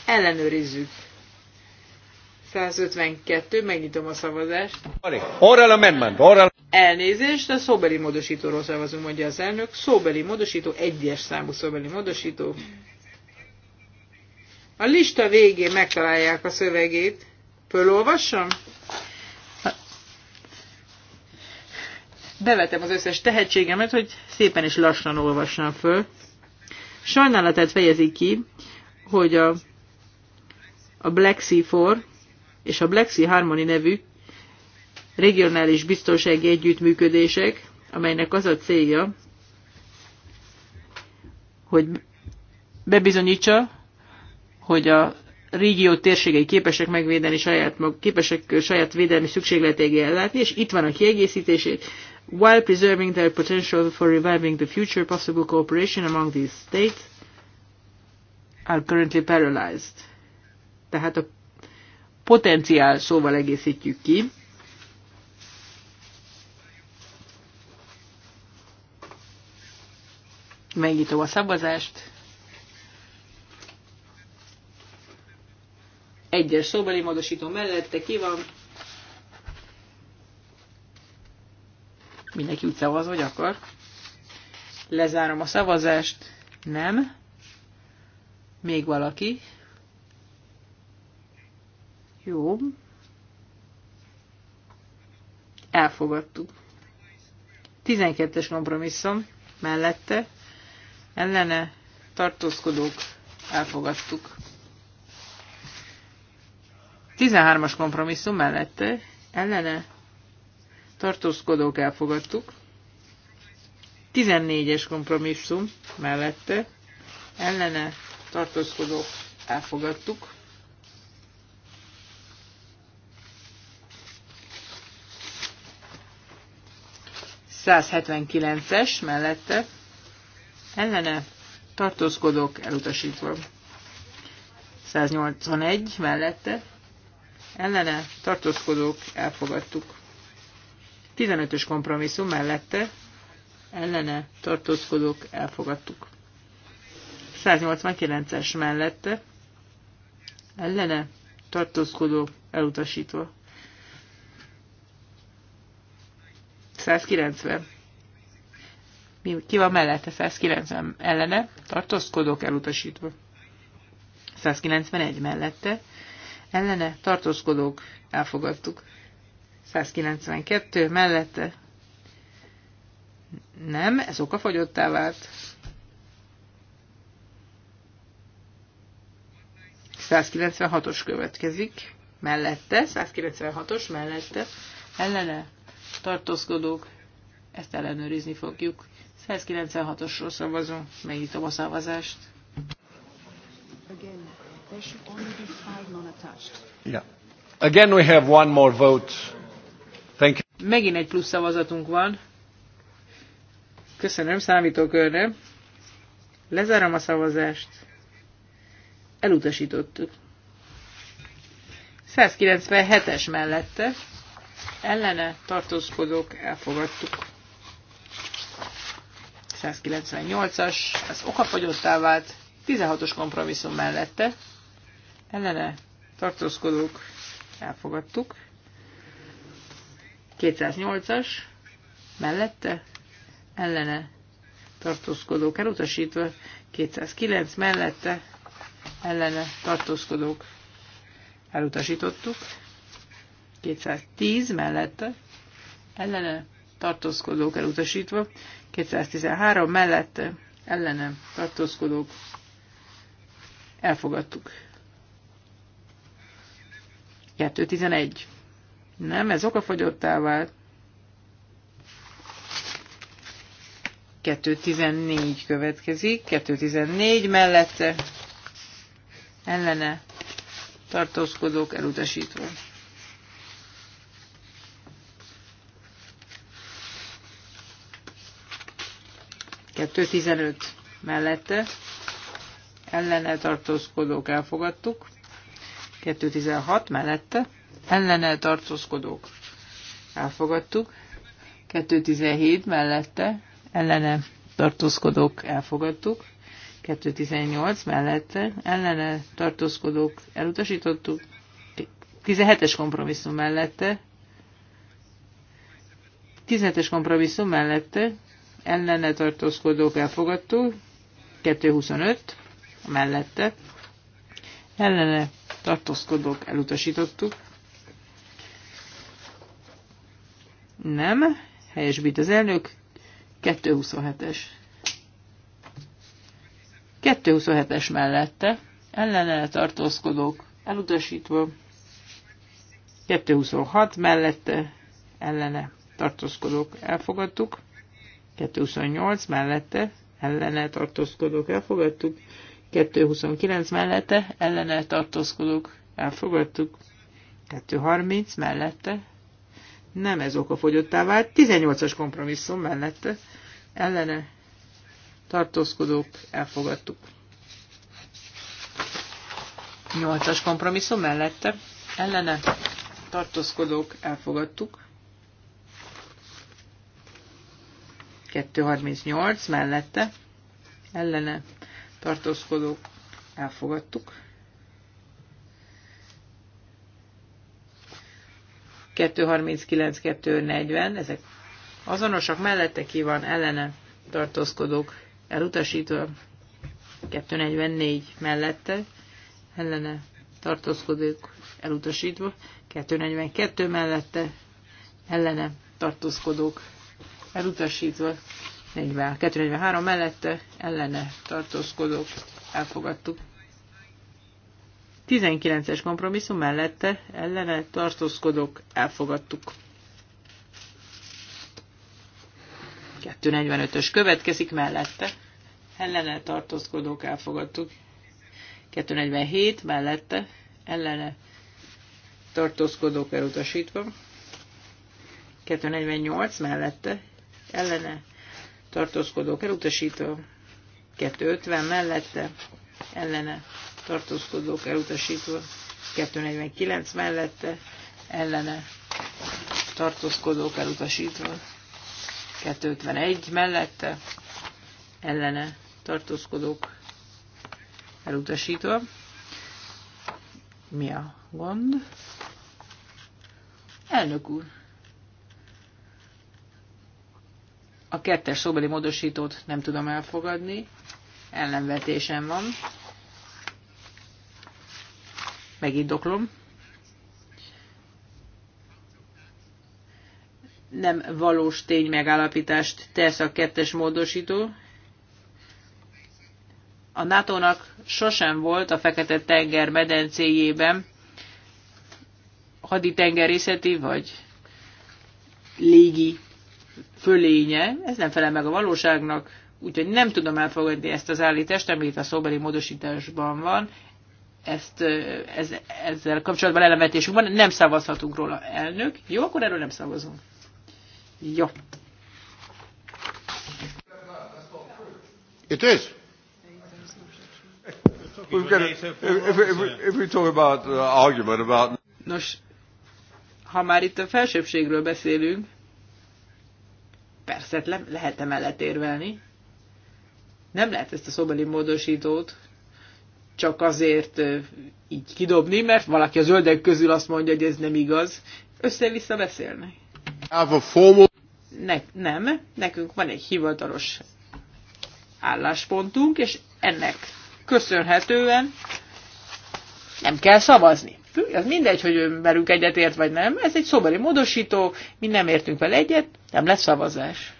Ellenőrizzük. 152, megnyitom a szavazást. Oral amendment, oral... Elnézést, a szóbeli módosítóról szavazunk, mondja az elnök. Szóbeli módosító, egyes számú szóbeli módosító. A lista végén megtalálják a szövegét. Fölolvassam? bevetem az összes tehetségemet, hogy szépen és lassan olvassam föl. Sajnálatát fejezi ki, hogy a, a Black Sea 4 és a Black Sea Harmony nevű regionális biztonsági együttműködések, amelynek az a célja, hogy bebizonyítsa, hogy a régió térségei képesek megvédeni saját mag, képesek saját védelmi szükségletéig ellátni, és itt van a kiegészítését, while preserving their potential for reviving the future possible cooperation among these states, are currently paralyzed. Tehát a potenciál szóval egészítjük ki. Megnyitom a szavazást. Egyes szóbeli módosító mellette ki van, Mindenki úgy szavaz, hogy akar. Lezárom a szavazást. Nem. Még valaki. Jó. Elfogadtuk. 12-es kompromisszum mellette, ellene tartózkodók elfogadtuk. 13-as kompromisszum mellette, ellene tartózkodók elfogadtuk. 14-es kompromisszum mellette ellene tartózkodók elfogadtuk. es mellette ellene tartózkodók elutasítva. 181 mellette ellene tartózkodók elfogadtuk. 15-ös kompromisszum mellette ellene tartózkodók elfogadtuk. 189-es mellette ellene tartózkodó elutasítva. 190. Mi, ki van mellette? 190 ellene tartózkodók elutasítva. 191 mellette ellene tartózkodók elfogadtuk. 192 mellette. Nem, ez okafogyottá vált. 196-os következik. Mellette, 196-os mellette, ellene tartózkodók, ezt ellenőrizni fogjuk. 196-osról szavazunk, megnyitom a szavazást. Again, there should only be five non-attached. Yeah. Again we have one more vote Megint egy plusz szavazatunk van. Köszönöm, számítok önre. Lezárom a szavazást. Elutasítottuk. 197-es mellette ellene tartózkodók elfogadtuk. 198-as, ez okafogyottá vált, 16-os kompromisszum mellette ellene tartózkodók elfogadtuk. 208-as mellette ellene tartózkodók elutasítva, 209 mellette ellene tartózkodók elutasítottuk, 210 mellette ellene tartózkodók elutasítva, 213 mellette ellene tartózkodók elfogadtuk. 211 nem, ez okafogyottá vált. 2.14 következik, 2.14 mellette ellene tartózkodók elutasítva. Kettő tizenöt mellette ellene tartózkodók elfogadtuk. 2.16 mellette ellene tartózkodók elfogadtuk, 217 mellette ellene tartózkodók elfogadtuk, 218 mellette ellene tartózkodók elutasítottuk, 17-es kompromisszum mellette, 17-es kompromisszum mellette ellene tartózkodók elfogadtuk, 225 mellette ellene tartózkodók elutasítottuk, Nem. Helyesbít az elnök. 227-es. 227-es mellette. Ellene tartózkodók. Elutasítva. 226 mellette. Ellene tartózkodók. Elfogadtuk. 228 mellette. Ellene tartózkodók. Elfogadtuk. 229 mellette. Ellene tartózkodók. Elfogadtuk. 230 mellette nem ez fogyottá vált. 18-as kompromisszum mellette ellene tartózkodók elfogadtuk. 8-as kompromisszum mellette ellene tartózkodók elfogadtuk. 238 mellette ellene tartózkodók elfogadtuk. 239, 240, ezek azonosak mellette ki van ellene tartózkodók elutasítva, 244 mellette ellene tartózkodók elutasítva, 242 mellette ellene tartózkodók elutasítva, 243 mellette ellene tartózkodók elfogadtuk. 19-es kompromisszum mellette ellene tartózkodók elfogadtuk. 245-ös következik mellette. Ellene tartózkodók elfogadtuk. 247 mellette ellene tartózkodók elutasítva. 248 mellette ellene tartózkodók elutasítva. 250 mellette ellene tartózkodók elutasítva, 249 mellette, ellene tartózkodók elutasítva, 251 mellette, ellene tartózkodók elutasítva. Mi a gond? Elnök úr, a kettes szóbeli módosítót nem tudom elfogadni, ellenvetésem van megindoklom. Nem valós tény megállapítást tesz a kettes módosító. A NATO-nak sosem volt a Fekete-tenger medencéjében haditengerészeti vagy légi fölénye, ez nem felel meg a valóságnak, úgyhogy nem tudom elfogadni ezt az állítást, amit a szóbeli módosításban van, ezt, ez, ezzel kapcsolatban elemetésünk van, nem szavazhatunk róla elnök. Jó, akkor erről nem szavazunk. Jó. It is. Uh, Nos, ha már itt a felsőbbségről beszélünk, persze le, lehet emellett érvelni. Nem lehet ezt a szobeli módosítót csak azért így kidobni, mert valaki az öldek közül azt mondja, hogy ez nem igaz. Össze-vissza beszélnek. Ne, nem, nekünk van egy hivatalos álláspontunk, és ennek köszönhetően nem kell szavazni. Az mindegy, hogy velünk egyetért vagy nem, ez egy szobeli módosító, mi nem értünk vele egyet, nem lesz szavazás.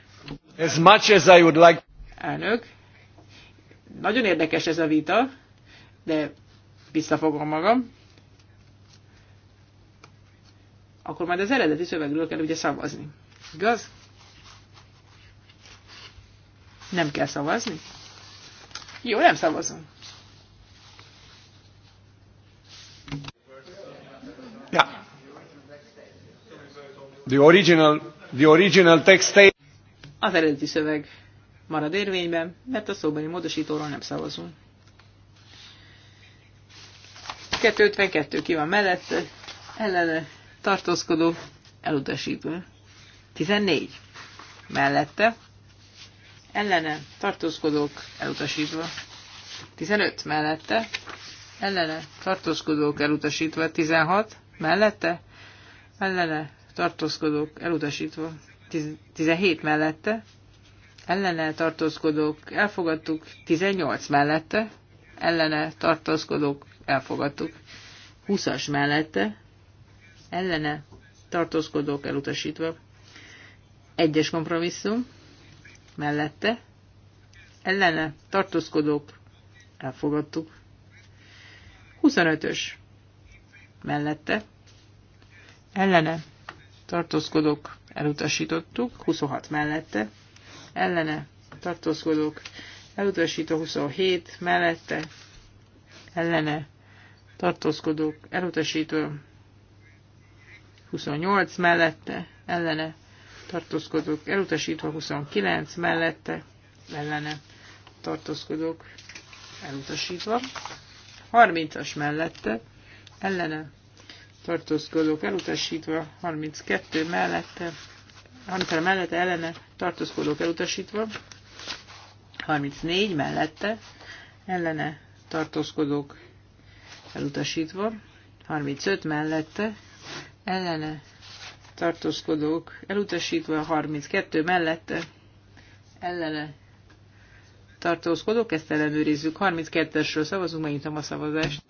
As much as I would like... Elnök, nagyon érdekes ez a vita, de visszafogom magam. Akkor majd az eredeti szövegről kell ugye szavazni. Igaz? Nem kell szavazni? Jó, nem szavazom. Ja. The original, the original text Az eredeti szöveg marad érvényben, mert a szóbeli módosítóról nem szavazunk. 52-52 ki van mellette, ellene tartózkodó, elutasítva. 14 mellette, ellene tartózkodók, elutasítva. 15 mellette, ellene tartózkodók, elutasítva. 16 mellette, ellene tartózkodók, elutasítva. 17 mellette, ellene tartózkodók, elfogadtuk. 18 mellette, ellene tartózkodók, elfogadtuk. 20-as mellette ellene tartózkodók elutasítva. Egyes kompromisszum mellette ellene tartózkodók elfogadtuk. 25-ös mellette ellene tartózkodók elutasítottuk, 26 mellette ellene tartózkodók elutasító 27 mellette ellene tartózkodók elutasítva 28 mellette, ellene tartózkodók elutasítva 29 mellette, ellene tartózkodók elutasítva 30-as mellette, ellene tartózkodók elutasítva 32 mellette, 33 mellette ellene tartózkodók elutasítva 34 mellette, ellene tartózkodók elutasítva, 35 mellette, ellene tartózkodók elutasítva, 32 mellette, ellene tartózkodók, ezt ellenőrizzük. 32-esről szavazunk, megnyitom a szavazást.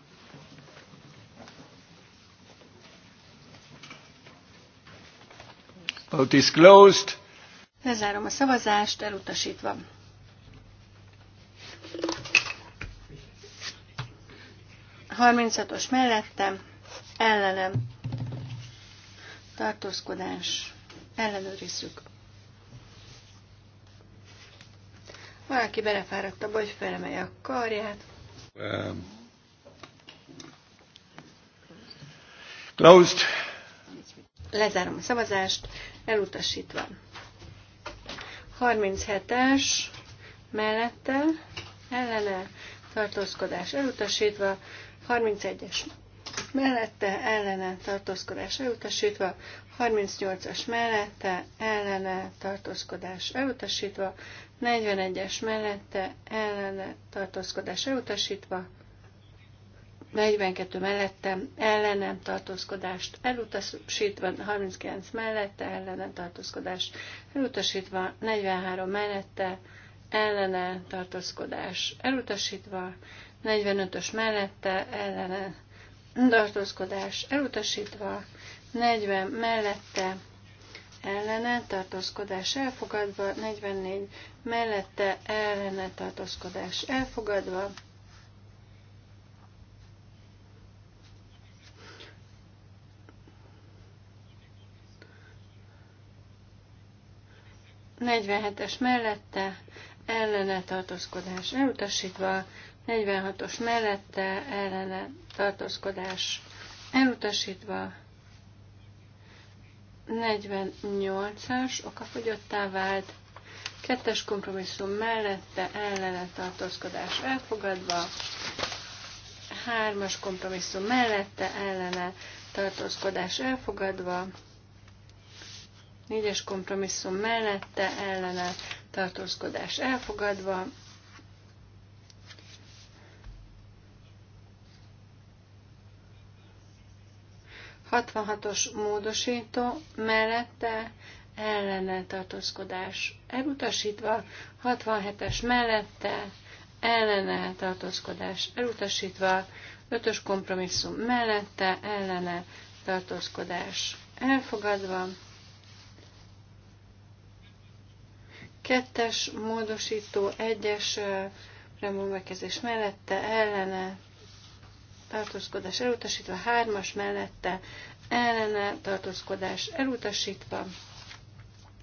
Vote is closed. Lezárom a szavazást, elutasítva. 36-os mellettem, ellenem, tartózkodás, ellenőrizzük. Valaki belefáradt a hogy felemelje a karját. Um. Closed. Lezárom a szavazást, elutasítva. 37-es mellette, ellene, tartózkodás elutasítva, 31-es mellette, ellene, tartózkodás elutasítva, 38-as mellette, ellene, tartózkodás elutasítva, 41-es mellette, ellene, tartózkodás elutasítva, 42 mellette, ellenem tartózkodást elutasítva, 39 mellette, ellenem tartózkodást elutasítva, 43 mellette, ellene tartózkodás elutasítva, 45-ös mellette ellene tartózkodás elutasítva, 40 mellette ellene tartózkodás elfogadva, 44 mellette ellene tartózkodás elfogadva, 47-es mellette ellene tartózkodás elutasítva, 46-os mellette ellene tartózkodás elutasítva, 48-as okafogyottá vált, kettes kompromisszum mellette ellene tartózkodás elfogadva, hármas kompromisszum mellette ellene tartózkodás elfogadva, négyes kompromisszum mellette ellene tartózkodás elfogadva, 66-os módosító mellette ellene tartózkodás elutasítva, 67-es mellette ellene tartózkodás elutasítva, 5-ös kompromisszum mellette ellene tartózkodás elfogadva, 2-es módosító 1-es remolvekezés mellette ellene tartózkodás elutasítva, hármas mellette ellene tartózkodás elutasítva,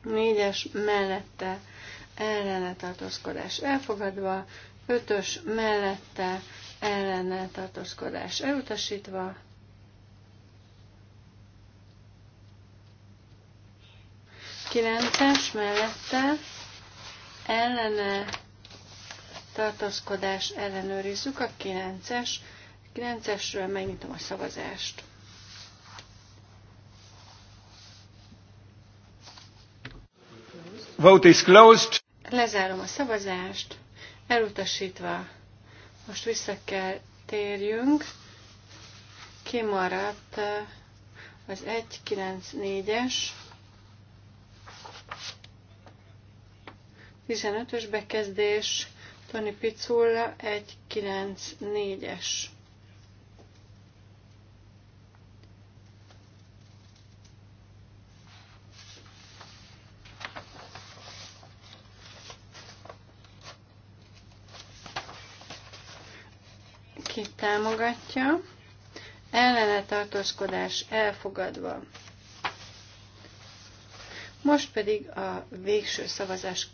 négyes mellette ellene tartózkodás elfogadva, ötös mellette ellene tartózkodás elutasítva, kilences mellette ellene tartózkodás ellenőrizzük a kilences 9-esről megnyitom a szavazást. Vote is closed. Lezárom a szavazást, elutasítva. Most vissza kell térjünk. Kimaradt az 194-es. 15-ös bekezdés, Tony Piculla 194-es. aki támogatja, ellene tartózkodás elfogadva. Most pedig a végső szavazás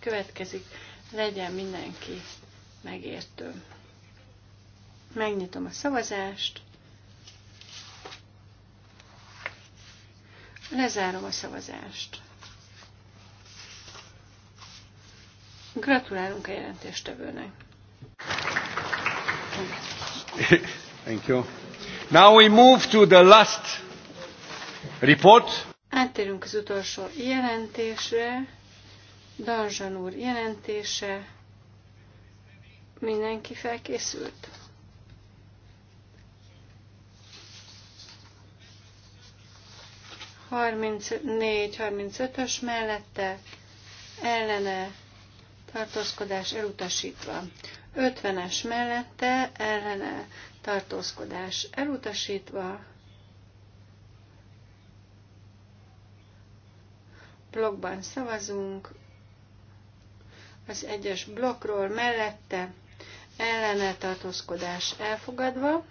következik, legyen mindenki megértő. Megnyitom a szavazást, lezárom a szavazást. Gratulálunk a jelentéstevőnek! Thank you. Now we move to the last report. Átérünk az utolsó jelentésre. Danzsan úr jelentése. Mindenki felkészült. Harmincnégy, harmincötös mellette ellene tartózkodás elutasítva. 50-es mellette ellene tartózkodás elutasítva, blogban szavazunk, az egyes blokkról mellette ellene tartózkodás elfogadva,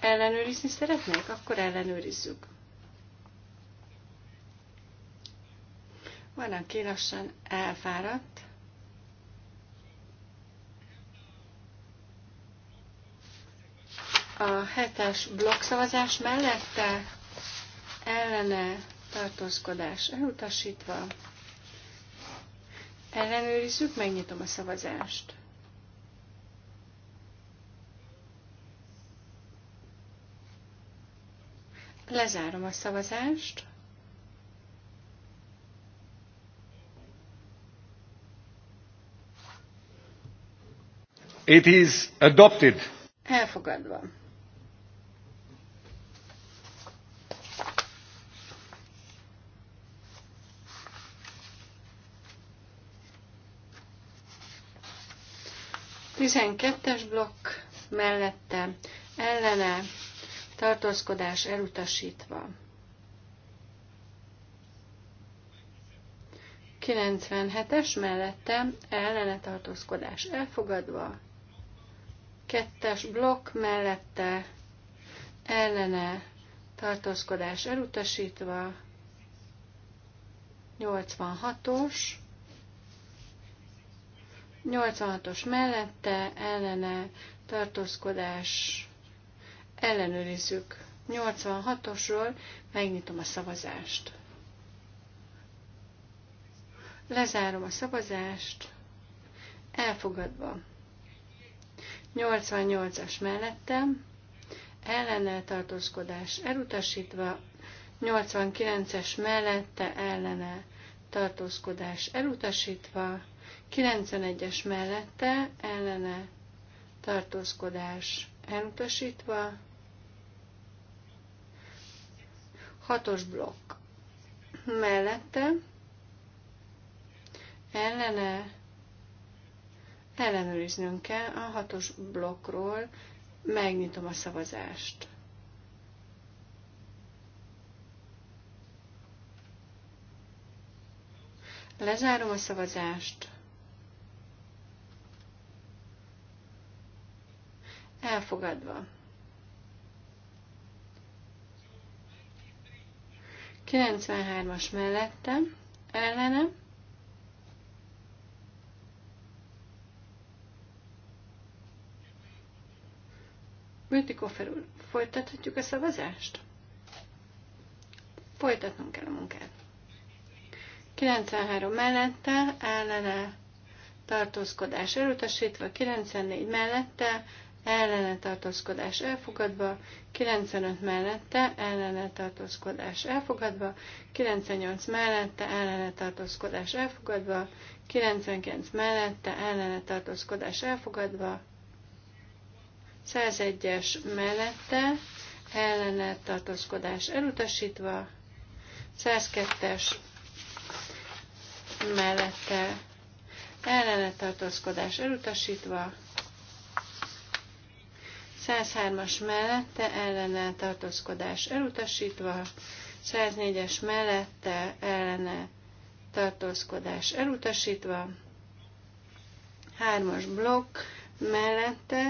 ellenőrizni szeretnék, akkor ellenőrizzük. Van, aki lassan elfáradt. a hetes blokkszavazás mellette ellene tartózkodás elutasítva. Ellenőrizzük, megnyitom a szavazást. Lezárom a szavazást. It is adopted. Elfogadva. 12-es blokk mellette ellene tartózkodás elutasítva. 97-es mellette ellene tartózkodás elfogadva. 2-es blokk mellette ellene tartózkodás elutasítva. 86-os 86-os mellette ellene tartózkodás ellenőrizzük. 86-osról megnyitom a szavazást. Lezárom a szavazást. Elfogadva. 88-as mellettem. ellene tartózkodás elutasítva. 89-es mellette ellene tartózkodás elutasítva. 91-es mellette ellene tartózkodás elutasítva, 6-os blokk mellette ellene ellenőriznünk kell a hatos blokkról, megnyitom a szavazást. Lezárom a szavazást. Elfogadva. 93-as mellette, ellene. Bütikofer úr, folytathatjuk a szavazást? Folytatnunk kell a munkát. 93 mellette, ellene tartózkodás elutasítva, 94 mellette, ellene tartózkodás elfogadva, 95 mellette ellene tartózkodás elfogadva, 98 mellette ellene tartózkodás elfogadva, 99 mellette ellene tartózkodás elfogadva, 101-es mellette ellene tartózkodás elutasítva, 102-es mellette ellene tartózkodás elutasítva, 103-as mellette ellene tartózkodás elutasítva, 104-es mellette ellene tartózkodás elutasítva, 3-as blokk mellette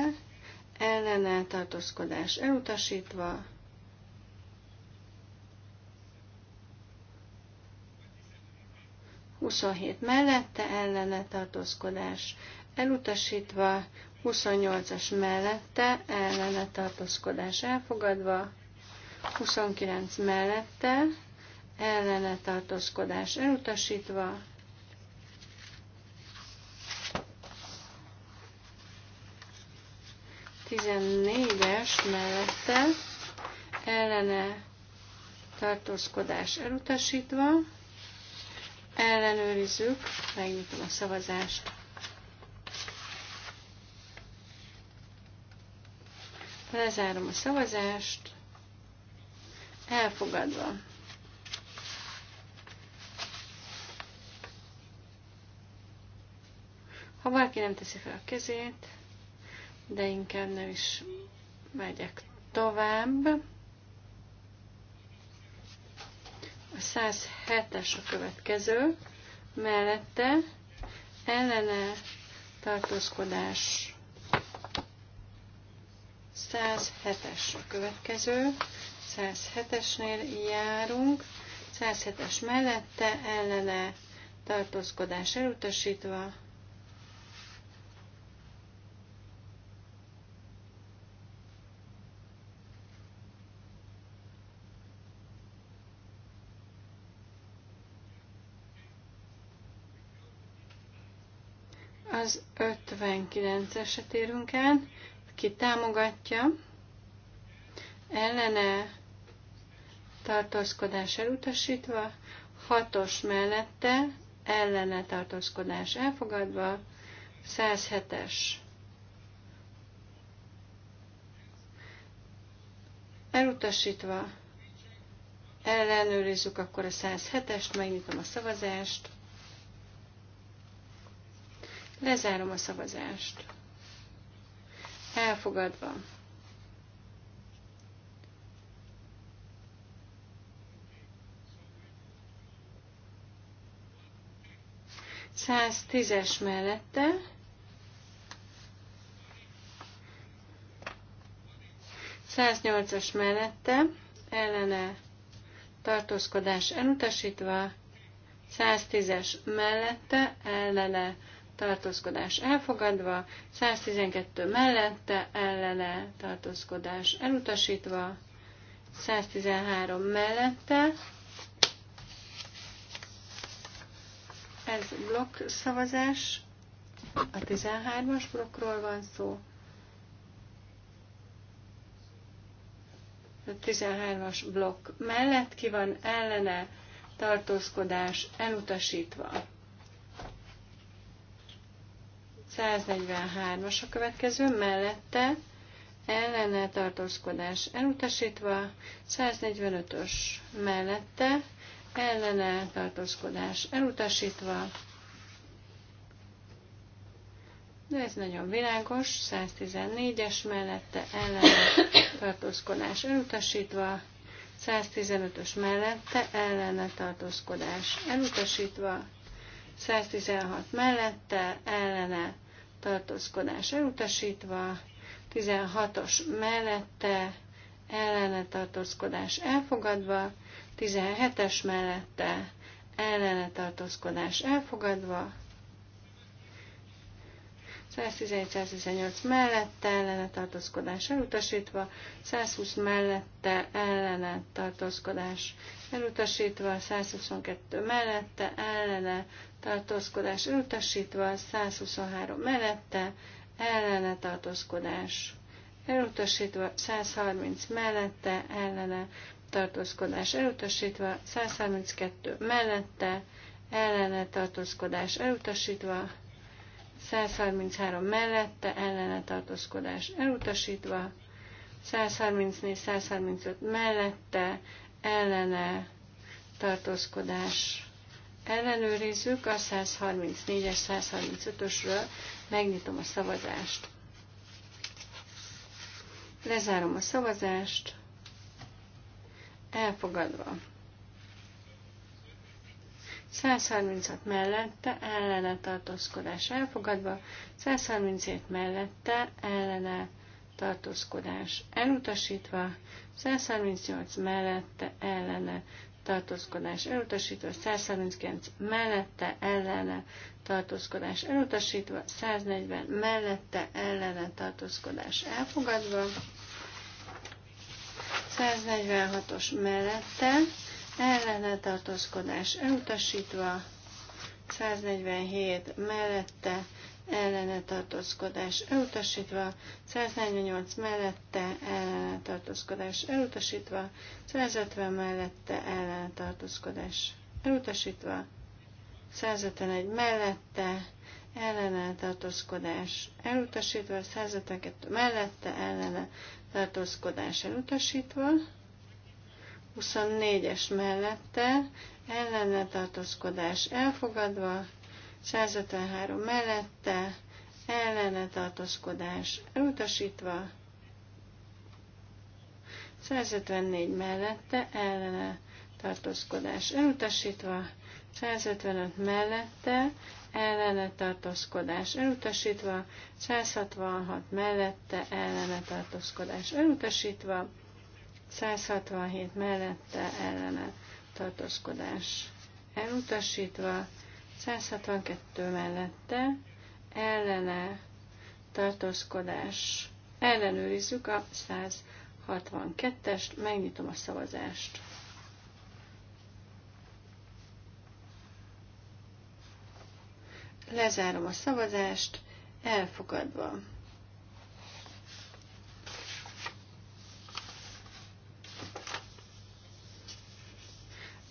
ellene tartózkodás elutasítva, 27 mellette ellene tartózkodás elutasítva, 28-as mellette ellene tartózkodás elfogadva, 29 mellette ellene tartózkodás elutasítva, 14-es mellette ellene tartózkodás elutasítva, ellenőrizzük, megnyitom a szavazást. Lezárom a szavazást. Elfogadva. Ha valaki nem teszi fel a kezét, de inkább nem is megyek tovább. A 107-es a következő, mellette ellene tartózkodás 107-es a következő. 107-esnél járunk. 107-es mellette ellene tartózkodás elutasítva. az 59-eset érünk el, ki támogatja, ellene tartózkodás elutasítva, hatos mellette ellene tartózkodás elfogadva, 107-es elutasítva, ellenőrizzük akkor a 107-est, megnyitom a szavazást, lezárom a szavazást. Elfogadva. Száz tízes mellette. Száz nyolcas mellette. Ellene tartózkodás elutasítva. 110-es mellette ellene tartózkodás elfogadva, 112 mellette ellene tartózkodás elutasítva, 113 mellette, ez blokk szavazás, a 13-as blokkról van szó, a 13-as blokk mellett ki van ellene tartózkodás elutasítva. 143-as a következő, mellette ellene tartózkodás elutasítva, 145-ös mellette ellene tartózkodás elutasítva, de ez nagyon világos, 114-es mellette ellene tartózkodás elutasítva, 115-ös mellette ellene tartózkodás elutasítva, 116 mellette ellene tartózkodás elutasítva, 16-os mellette ellene tartózkodás elfogadva, 17-es mellette ellene tartózkodás elfogadva, 111-118 mellette ellene tartózkodás elutasítva, 120 mellette ellene tartózkodás elutasítva, 122 mellette ellene tartózkodás elutasítva, 123 mellette, ellene tartózkodás elutasítva, 130 mellette, ellene tartózkodás elutasítva, 132 mellette, ellene tartózkodás elutasítva, 133 mellette, ellene tartózkodás elutasítva, 134-135 mellette, ellene tartózkodás ellenőrizzük a 134-es, 135-ösről, megnyitom a szavazást. Lezárom a szavazást, elfogadva. 136 mellette ellene tartózkodás elfogadva, 137 mellette ellene tartózkodás elutasítva, 138 mellette ellene tartózkodás elutasítva, 139 mellette ellene tartózkodás elutasítva, 140 mellette ellene tartózkodás elfogadva, 146-os mellette ellene tartózkodás elutasítva, 147 mellette ellene tartózkodás elutasítva, 148 mellette ellene tartózkodás elutasítva, 150 mellette ellene tartózkodás elutasítva, 151 mellette ellene tartózkodás elutasítva, 152 mellette ellene tartózkodás elutasítva, 24-es mellette ellene tartózkodás elfogadva, 153 mellette, ellene tartózkodás elutasítva, 154 mellette, ellene tartózkodás elutasítva, 155 mellette, ellene tartózkodás elutasítva, 166 mellette, ellene tartózkodás elutasítva, 167 mellette, ellene tartózkodás elutasítva, 162 mellette ellene tartózkodás. Ellenőrizzük a 162-est, megnyitom a szavazást. Lezárom a szavazást, elfogadva.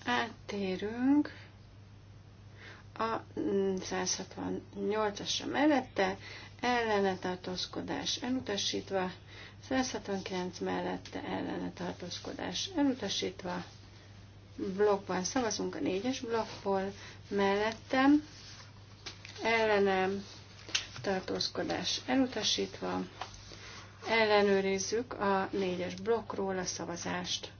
Áttérünk a 168-asra mm, mellette, ellene tartózkodás elutasítva, 169 mellette ellene tartózkodás elutasítva, blokkban szavazunk a 4-es blokkból, mellettem, ellenem, tartózkodás elutasítva, ellenőrizzük a 4-es blokkról a szavazást.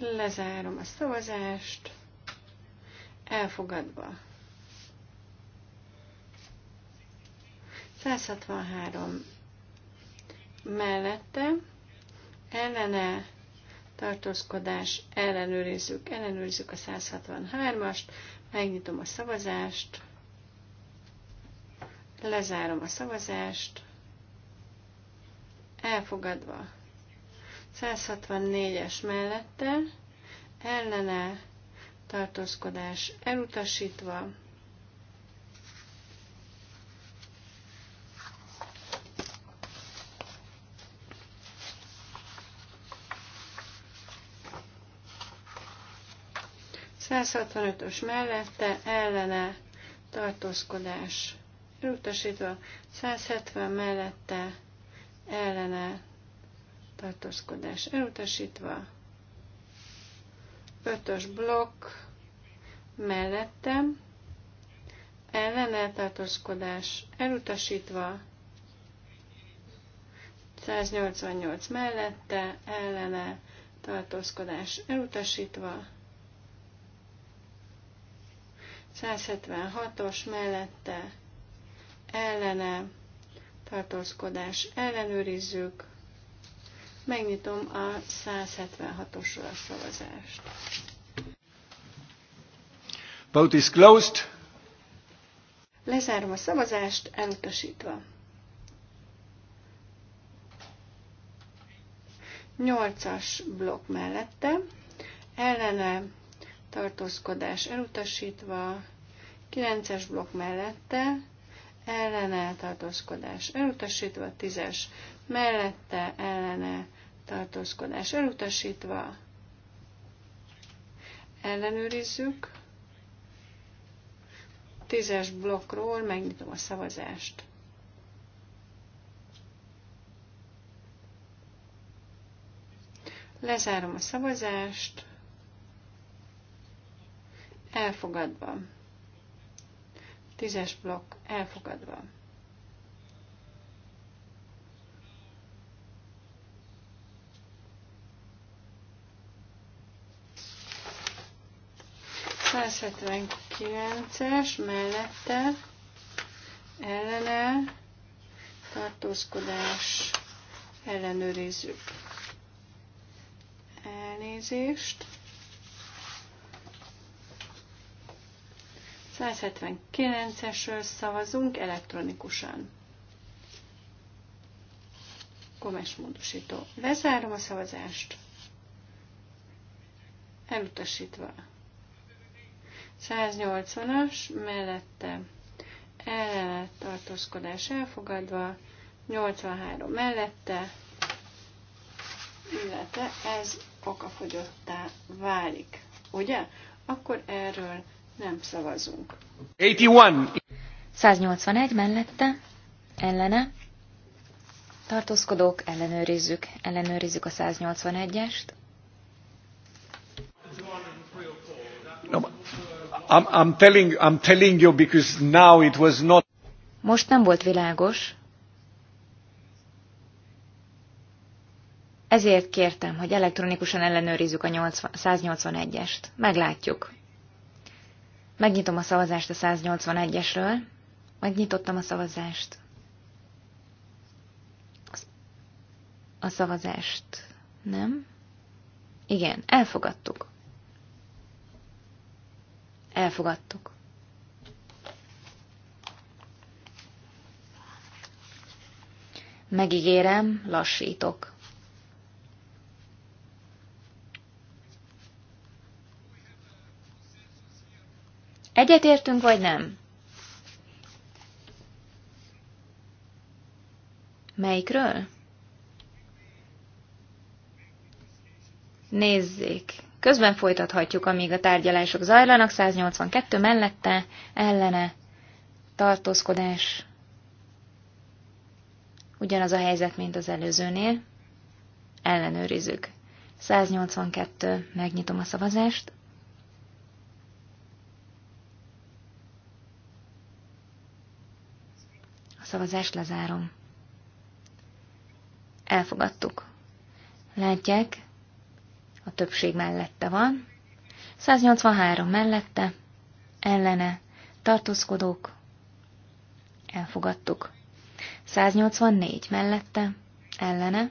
Lezárom a szavazást. Elfogadva. 163 mellette ellene tartózkodás ellenőrizzük, ellenőrizzük a 163-ast, megnyitom a szavazást, lezárom a szavazást, elfogadva 164-es mellette ellene tartózkodás elutasítva. ös mellette ellene tartózkodás elutasítva, 170 mellette ellene tartózkodás elutasítva, ötös blokk mellettem, ellene tartózkodás elutasítva, 188 mellette, ellene tartózkodás elutasítva, 176-os mellette, ellene tartózkodás ellenőrizzük, Megnyitom a 176 os szavazást. Vote is closed. Lezárom a szavazást, elutasítva. 8-as blokk mellette, ellene tartózkodás elutasítva, 9-es blokk mellette, ellene tartózkodás elutasítva, 10-es mellette, ellene tartózkodás elutasítva. Ellenőrizzük. Tízes blokkról megnyitom a szavazást. Lezárom a szavazást. Elfogadva. Tízes blokk elfogadva. 179-es mellette ellene tartózkodás ellenőrizzük. Elnézést. 179-esről szavazunk elektronikusan. Komes módosító. Lezárom a szavazást. Elutasítva. 180-as mellette ellenet tartózkodás elfogadva, 83 mellette, illetve ez okafogyottá válik, ugye? Akkor erről nem szavazunk. 81. 181 mellette, ellene, tartózkodók, ellenőrizzük, ellenőrizzük a 181-est. I'm, telling, I'm telling you because now it was not. Most nem volt világos. Ezért kértem, hogy elektronikusan ellenőrizzük a 181-est. Meglátjuk. Megnyitom a szavazást a 181-esről. Megnyitottam a szavazást. A szavazást nem. Igen, elfogadtuk. Elfogadtuk. Megígérem, lassítok. Egyetértünk, vagy nem? Melyikről? Nézzék, Közben folytathatjuk, amíg a tárgyalások zajlanak, 182 mellette, ellene, tartózkodás. Ugyanaz a helyzet, mint az előzőnél. Ellenőrizzük. 182. Megnyitom a szavazást. A szavazást lezárom. Elfogadtuk. Látják, a többség mellette van. 183 mellette, ellene, tartózkodók, elfogadtuk. 184 mellette, ellene,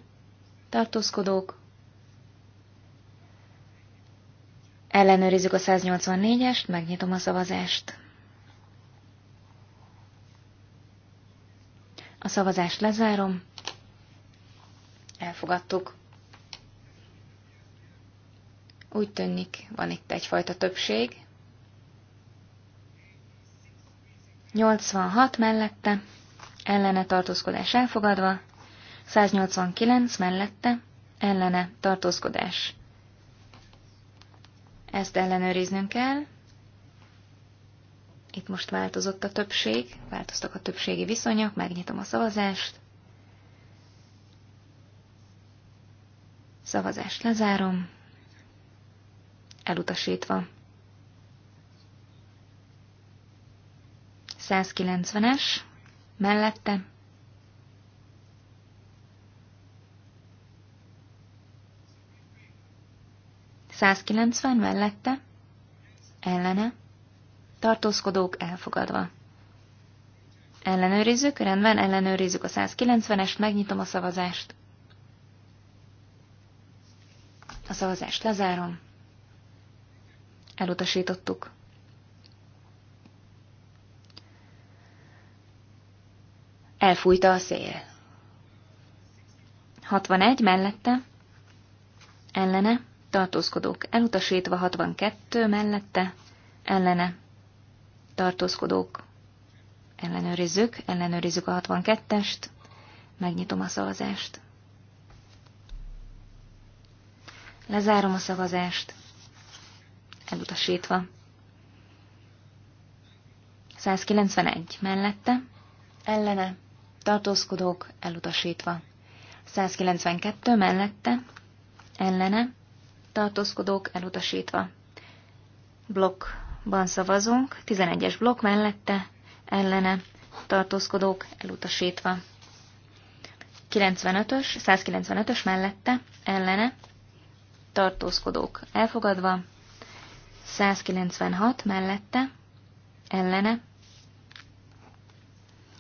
tartózkodók, ellenőrizzük a 184-est, megnyitom a szavazást. A szavazást lezárom, elfogadtuk. Úgy tűnik, van itt egyfajta többség. 86 mellette, ellene tartózkodás elfogadva, 189 mellette, ellene tartózkodás. Ezt ellenőriznünk kell. Itt most változott a többség, változtak a többségi viszonyok, megnyitom a szavazást. Szavazást lezárom elutasítva. 190-es, mellette, Százkilencven mellette, ellene, tartózkodók elfogadva. Ellenőrizzük, rendben, ellenőrizzük a 190-est, megnyitom a szavazást. A szavazást lezárom. Elutasítottuk. Elfújta a szél. 61 mellette, ellene, tartózkodók elutasítva, 62 mellette, ellene, tartózkodók ellenőrizzük, ellenőrizzük a 62-est, megnyitom a szavazást. Lezárom a szavazást elutasítva. 191 mellette, ellene, tartózkodók elutasítva. 192 mellette, ellene, tartózkodók elutasítva. Blokkban szavazunk, 11-es blokk mellette, ellene, tartózkodók elutasítva. 95-ös, 195-ös mellette, ellene, tartózkodók elfogadva, 196 mellette, ellene,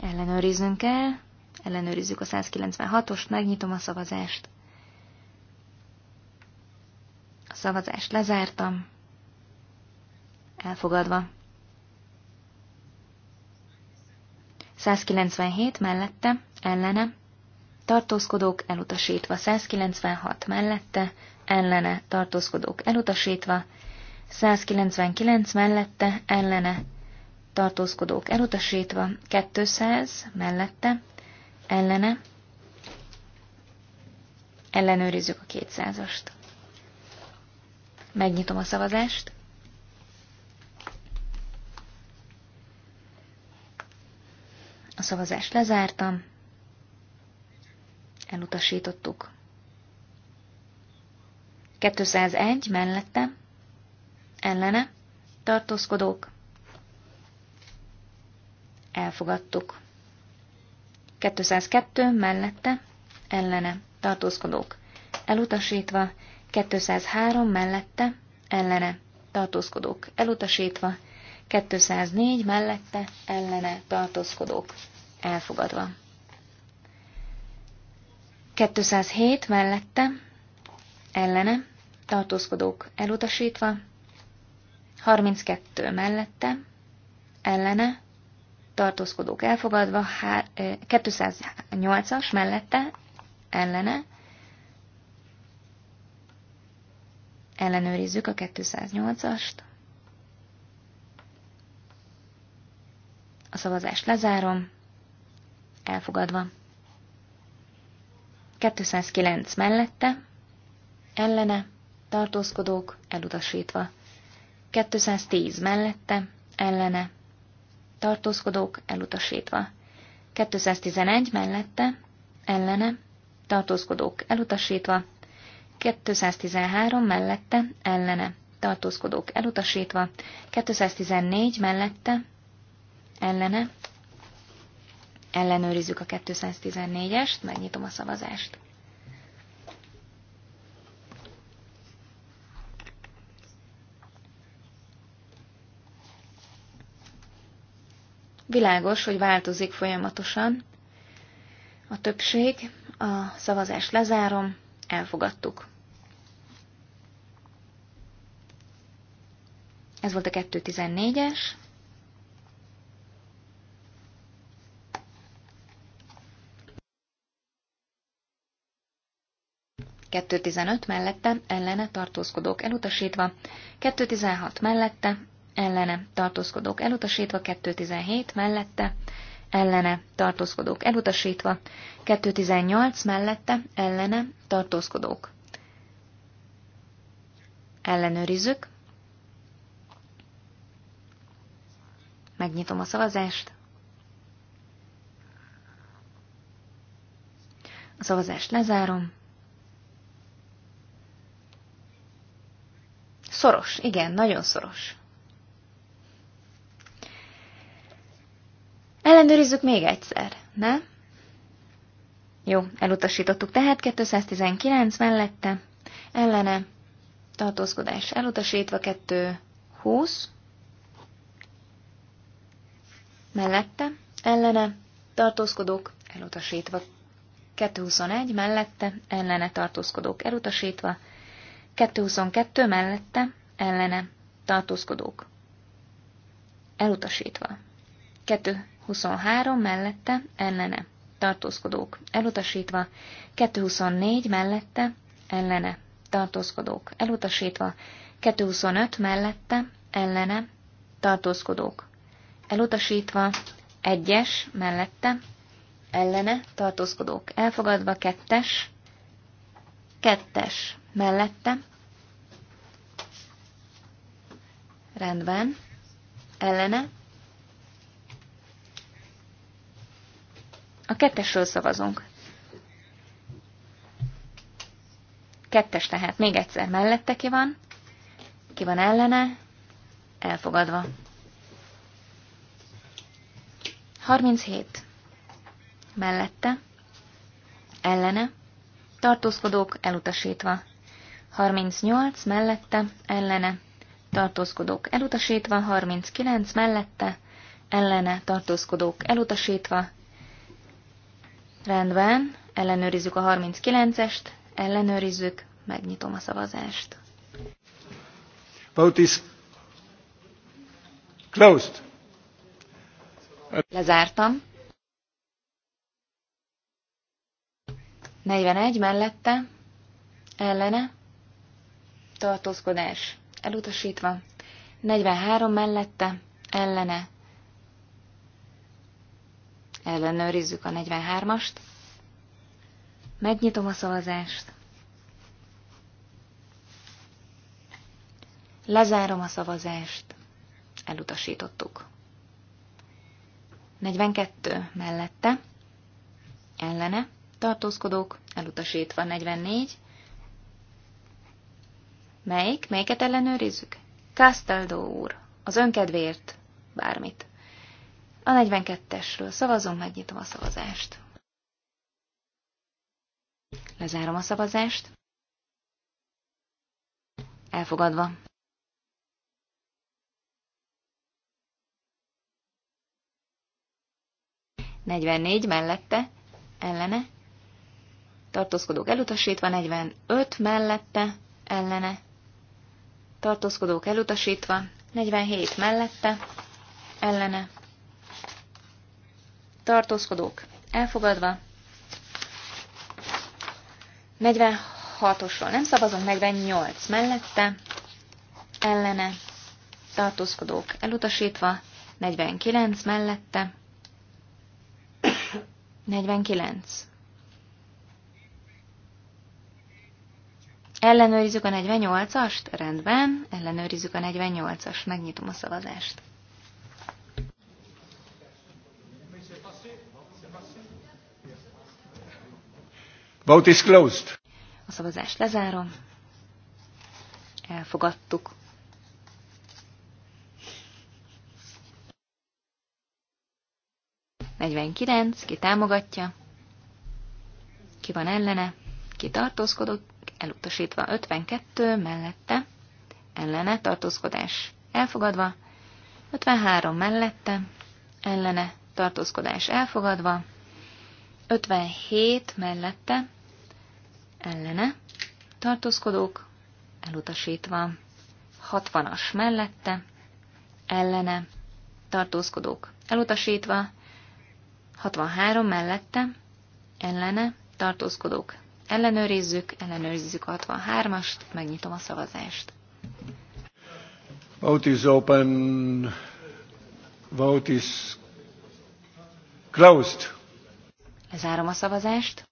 Ellenőrizünk el, ellenőrizzük a 196-ost, megnyitom a szavazást. A szavazást lezártam, elfogadva. 197 mellette, ellene, tartózkodók elutasítva, 196 mellette, ellene, tartózkodók elutasítva, 199 mellette ellene tartózkodók elutasítva, 200 mellette ellene ellenőrizzük a 200-ast. Megnyitom a szavazást. A szavazást lezártam. Elutasítottuk. 201 mellette ellene, tartózkodók, elfogadtuk. 202 mellette, ellene, tartózkodók, elutasítva, 203 mellette, ellene, tartózkodók, elutasítva, 204 mellette, ellene, tartózkodók, elfogadva. 207 mellette, ellene, tartózkodók elutasítva, 32 mellette, ellene, tartózkodók elfogadva, 208-as mellette, ellene, ellenőrizzük a 208-ast, a szavazást lezárom, elfogadva. 209 mellette, ellene, tartózkodók elutasítva. 210 mellette, ellene, tartózkodók elutasítva. 211 mellette, ellene, tartózkodók elutasítva. 213 mellette, ellene, tartózkodók elutasítva. 214 mellette, ellene, ellenőrizzük a 214-est, megnyitom a szavazást. Világos, hogy változik folyamatosan a többség. A szavazást lezárom, elfogadtuk. Ez volt a 214-es. Kettő mellette ellene tartózkodók elutasítva, 216 mellette ellene tartózkodók elutasítva, 217 mellette, ellene tartózkodók elutasítva, 218 mellette, ellene tartózkodók. Ellenőrizzük. Megnyitom a szavazást. A szavazást lezárom. Szoros, igen, nagyon szoros. Ellenőrizzük még egyszer, ne? Jó, elutasítottuk tehát 219 mellette, ellene, tartózkodás elutasítva 220, mellette, ellene, tartózkodók elutasítva 221, mellette, ellene tartózkodók elutasítva 222, mellette, ellene tartózkodók elutasítva 2 23 mellette, ellene, tartózkodók, elutasítva, 224 mellette, ellene, tartózkodók, elutasítva, 225 mellette, ellene, tartózkodók, elutasítva, 1-es mellette, ellene, tartózkodók, elfogadva, 2-es, 2-es mellette, rendben, ellene, A kettesről szavazunk. Kettes tehát még egyszer mellette ki van, ki van ellene, elfogadva. 37. Mellette, ellene, tartózkodók elutasítva. 38. Mellette, ellene, tartózkodók elutasítva. 39. Mellette, ellene, tartózkodók elutasítva. Rendben, ellenőrizzük a 39-est, ellenőrizzük, megnyitom a szavazást. Vote is closed. Lezártam. 41 mellette, ellene, tartózkodás elutasítva, 43 mellette, ellene, Ellenőrizzük a 43-ast. Megnyitom a szavazást. Lezárom a szavazást. Elutasítottuk. 42 mellette. Ellene. Tartózkodók. Elutasítva 44. Melyik? Melyiket ellenőrizzük? Castaldo úr. Az önkedvért. Bármit. A 42-esről szavazunk, megnyitom a szavazást. Lezárom a szavazást. Elfogadva. Negyvennégy mellette, ellene. Tartózkodók elutasítva, 45 mellette, ellene. Tartózkodók elutasítva, 47 mellette, ellene tartózkodók elfogadva. 46-osról nem szavazunk, 48 mellette, ellene, tartózkodók elutasítva, 49 mellette, 49. Ellenőrizzük a 48-ast? Rendben, ellenőrizzük a 48-ast, megnyitom a szavazást. Vote is closed. A szavazást lezárom. Elfogadtuk. Negyvenkilenc, ki támogatja, ki van ellene, ki tartózkodott, elutasítva 52, mellette, ellene, tartózkodás elfogadva, 53 mellette, ellene, tartózkodás elfogadva, 57 mellette, ellene, tartózkodók elutasítva, 60-as mellette, ellene, tartózkodók elutasítva, 63 mellette, ellene, tartózkodók ellenőrizzük, ellenőrizzük a 63-ast, megnyitom a szavazást. Vote is open. Vote is closed. Lezárom a szavazást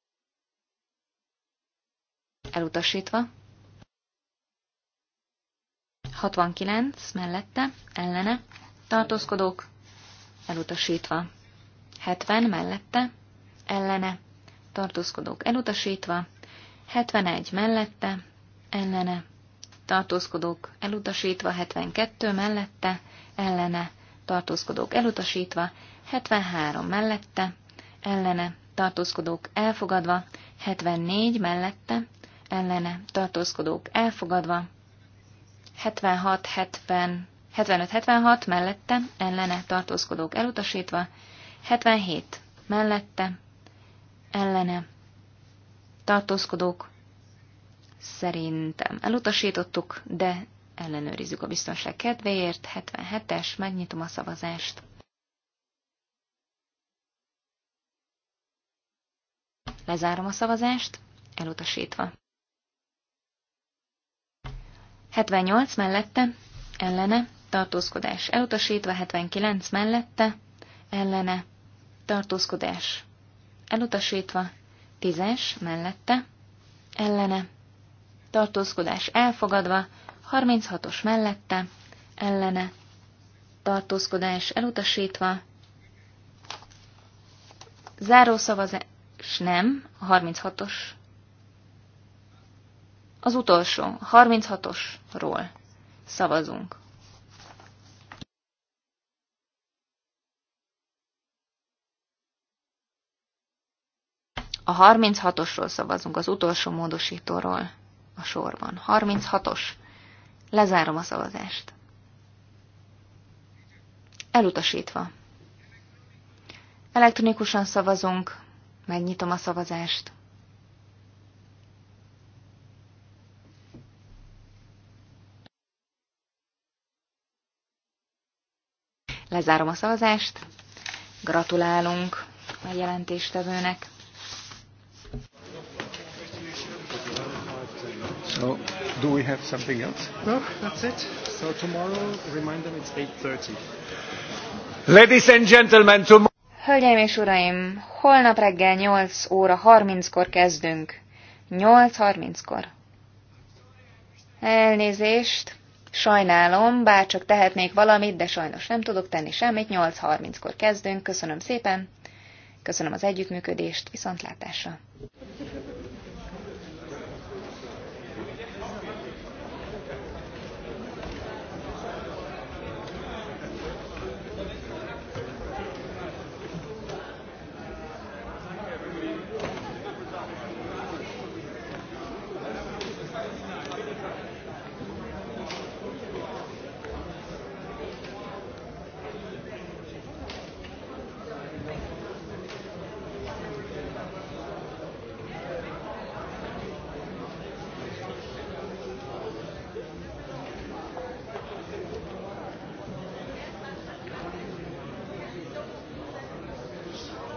elutasítva. 69 mellette, ellene, tartózkodók, elutasítva. 70 mellette, ellene, tartózkodók elutasítva. 71 mellette, ellene, tartózkodók elutasítva. 72 mellette, ellene, tartózkodók elutasítva. 73 mellette, ellene, tartózkodók elfogadva. 74 mellette, ellene tartózkodók elfogadva, 76, 70, 75, 76 mellette ellene tartózkodók elutasítva, 77 mellette ellene tartózkodók szerintem elutasítottuk, de ellenőrizzük a biztonság kedvéért. 77-es, megnyitom a szavazást. Lezárom a szavazást, elutasítva. 78 mellette, ellene, tartózkodás elutasítva, 79 mellette, ellene, tartózkodás elutasítva, 10-es mellette, ellene, tartózkodás elfogadva, 36-os mellette, ellene, tartózkodás elutasítva, zárószavazás nem, a 36-os az utolsó, 36-osról szavazunk. A 36-osról szavazunk, az utolsó módosítóról a sorban. 36-os. Lezárom a szavazást. Elutasítva. Elektronikusan szavazunk, megnyitom a szavazást. Lezárom a szavazást. Gratulálunk a jelentéstevőnek. So, do we have something else? No, that's it. So tomorrow, remind them it's 8.30. Ladies and gentlemen, tomorrow... Hölgyeim és uraim, holnap reggel 8 óra 30-kor kezdünk. 8.30-kor. Elnézést, Sajnálom, bár csak tehetnék valamit, de sajnos nem tudok tenni semmit. 8.30-kor kezdünk. Köszönöm szépen. Köszönöm az együttműködést. Viszontlátásra.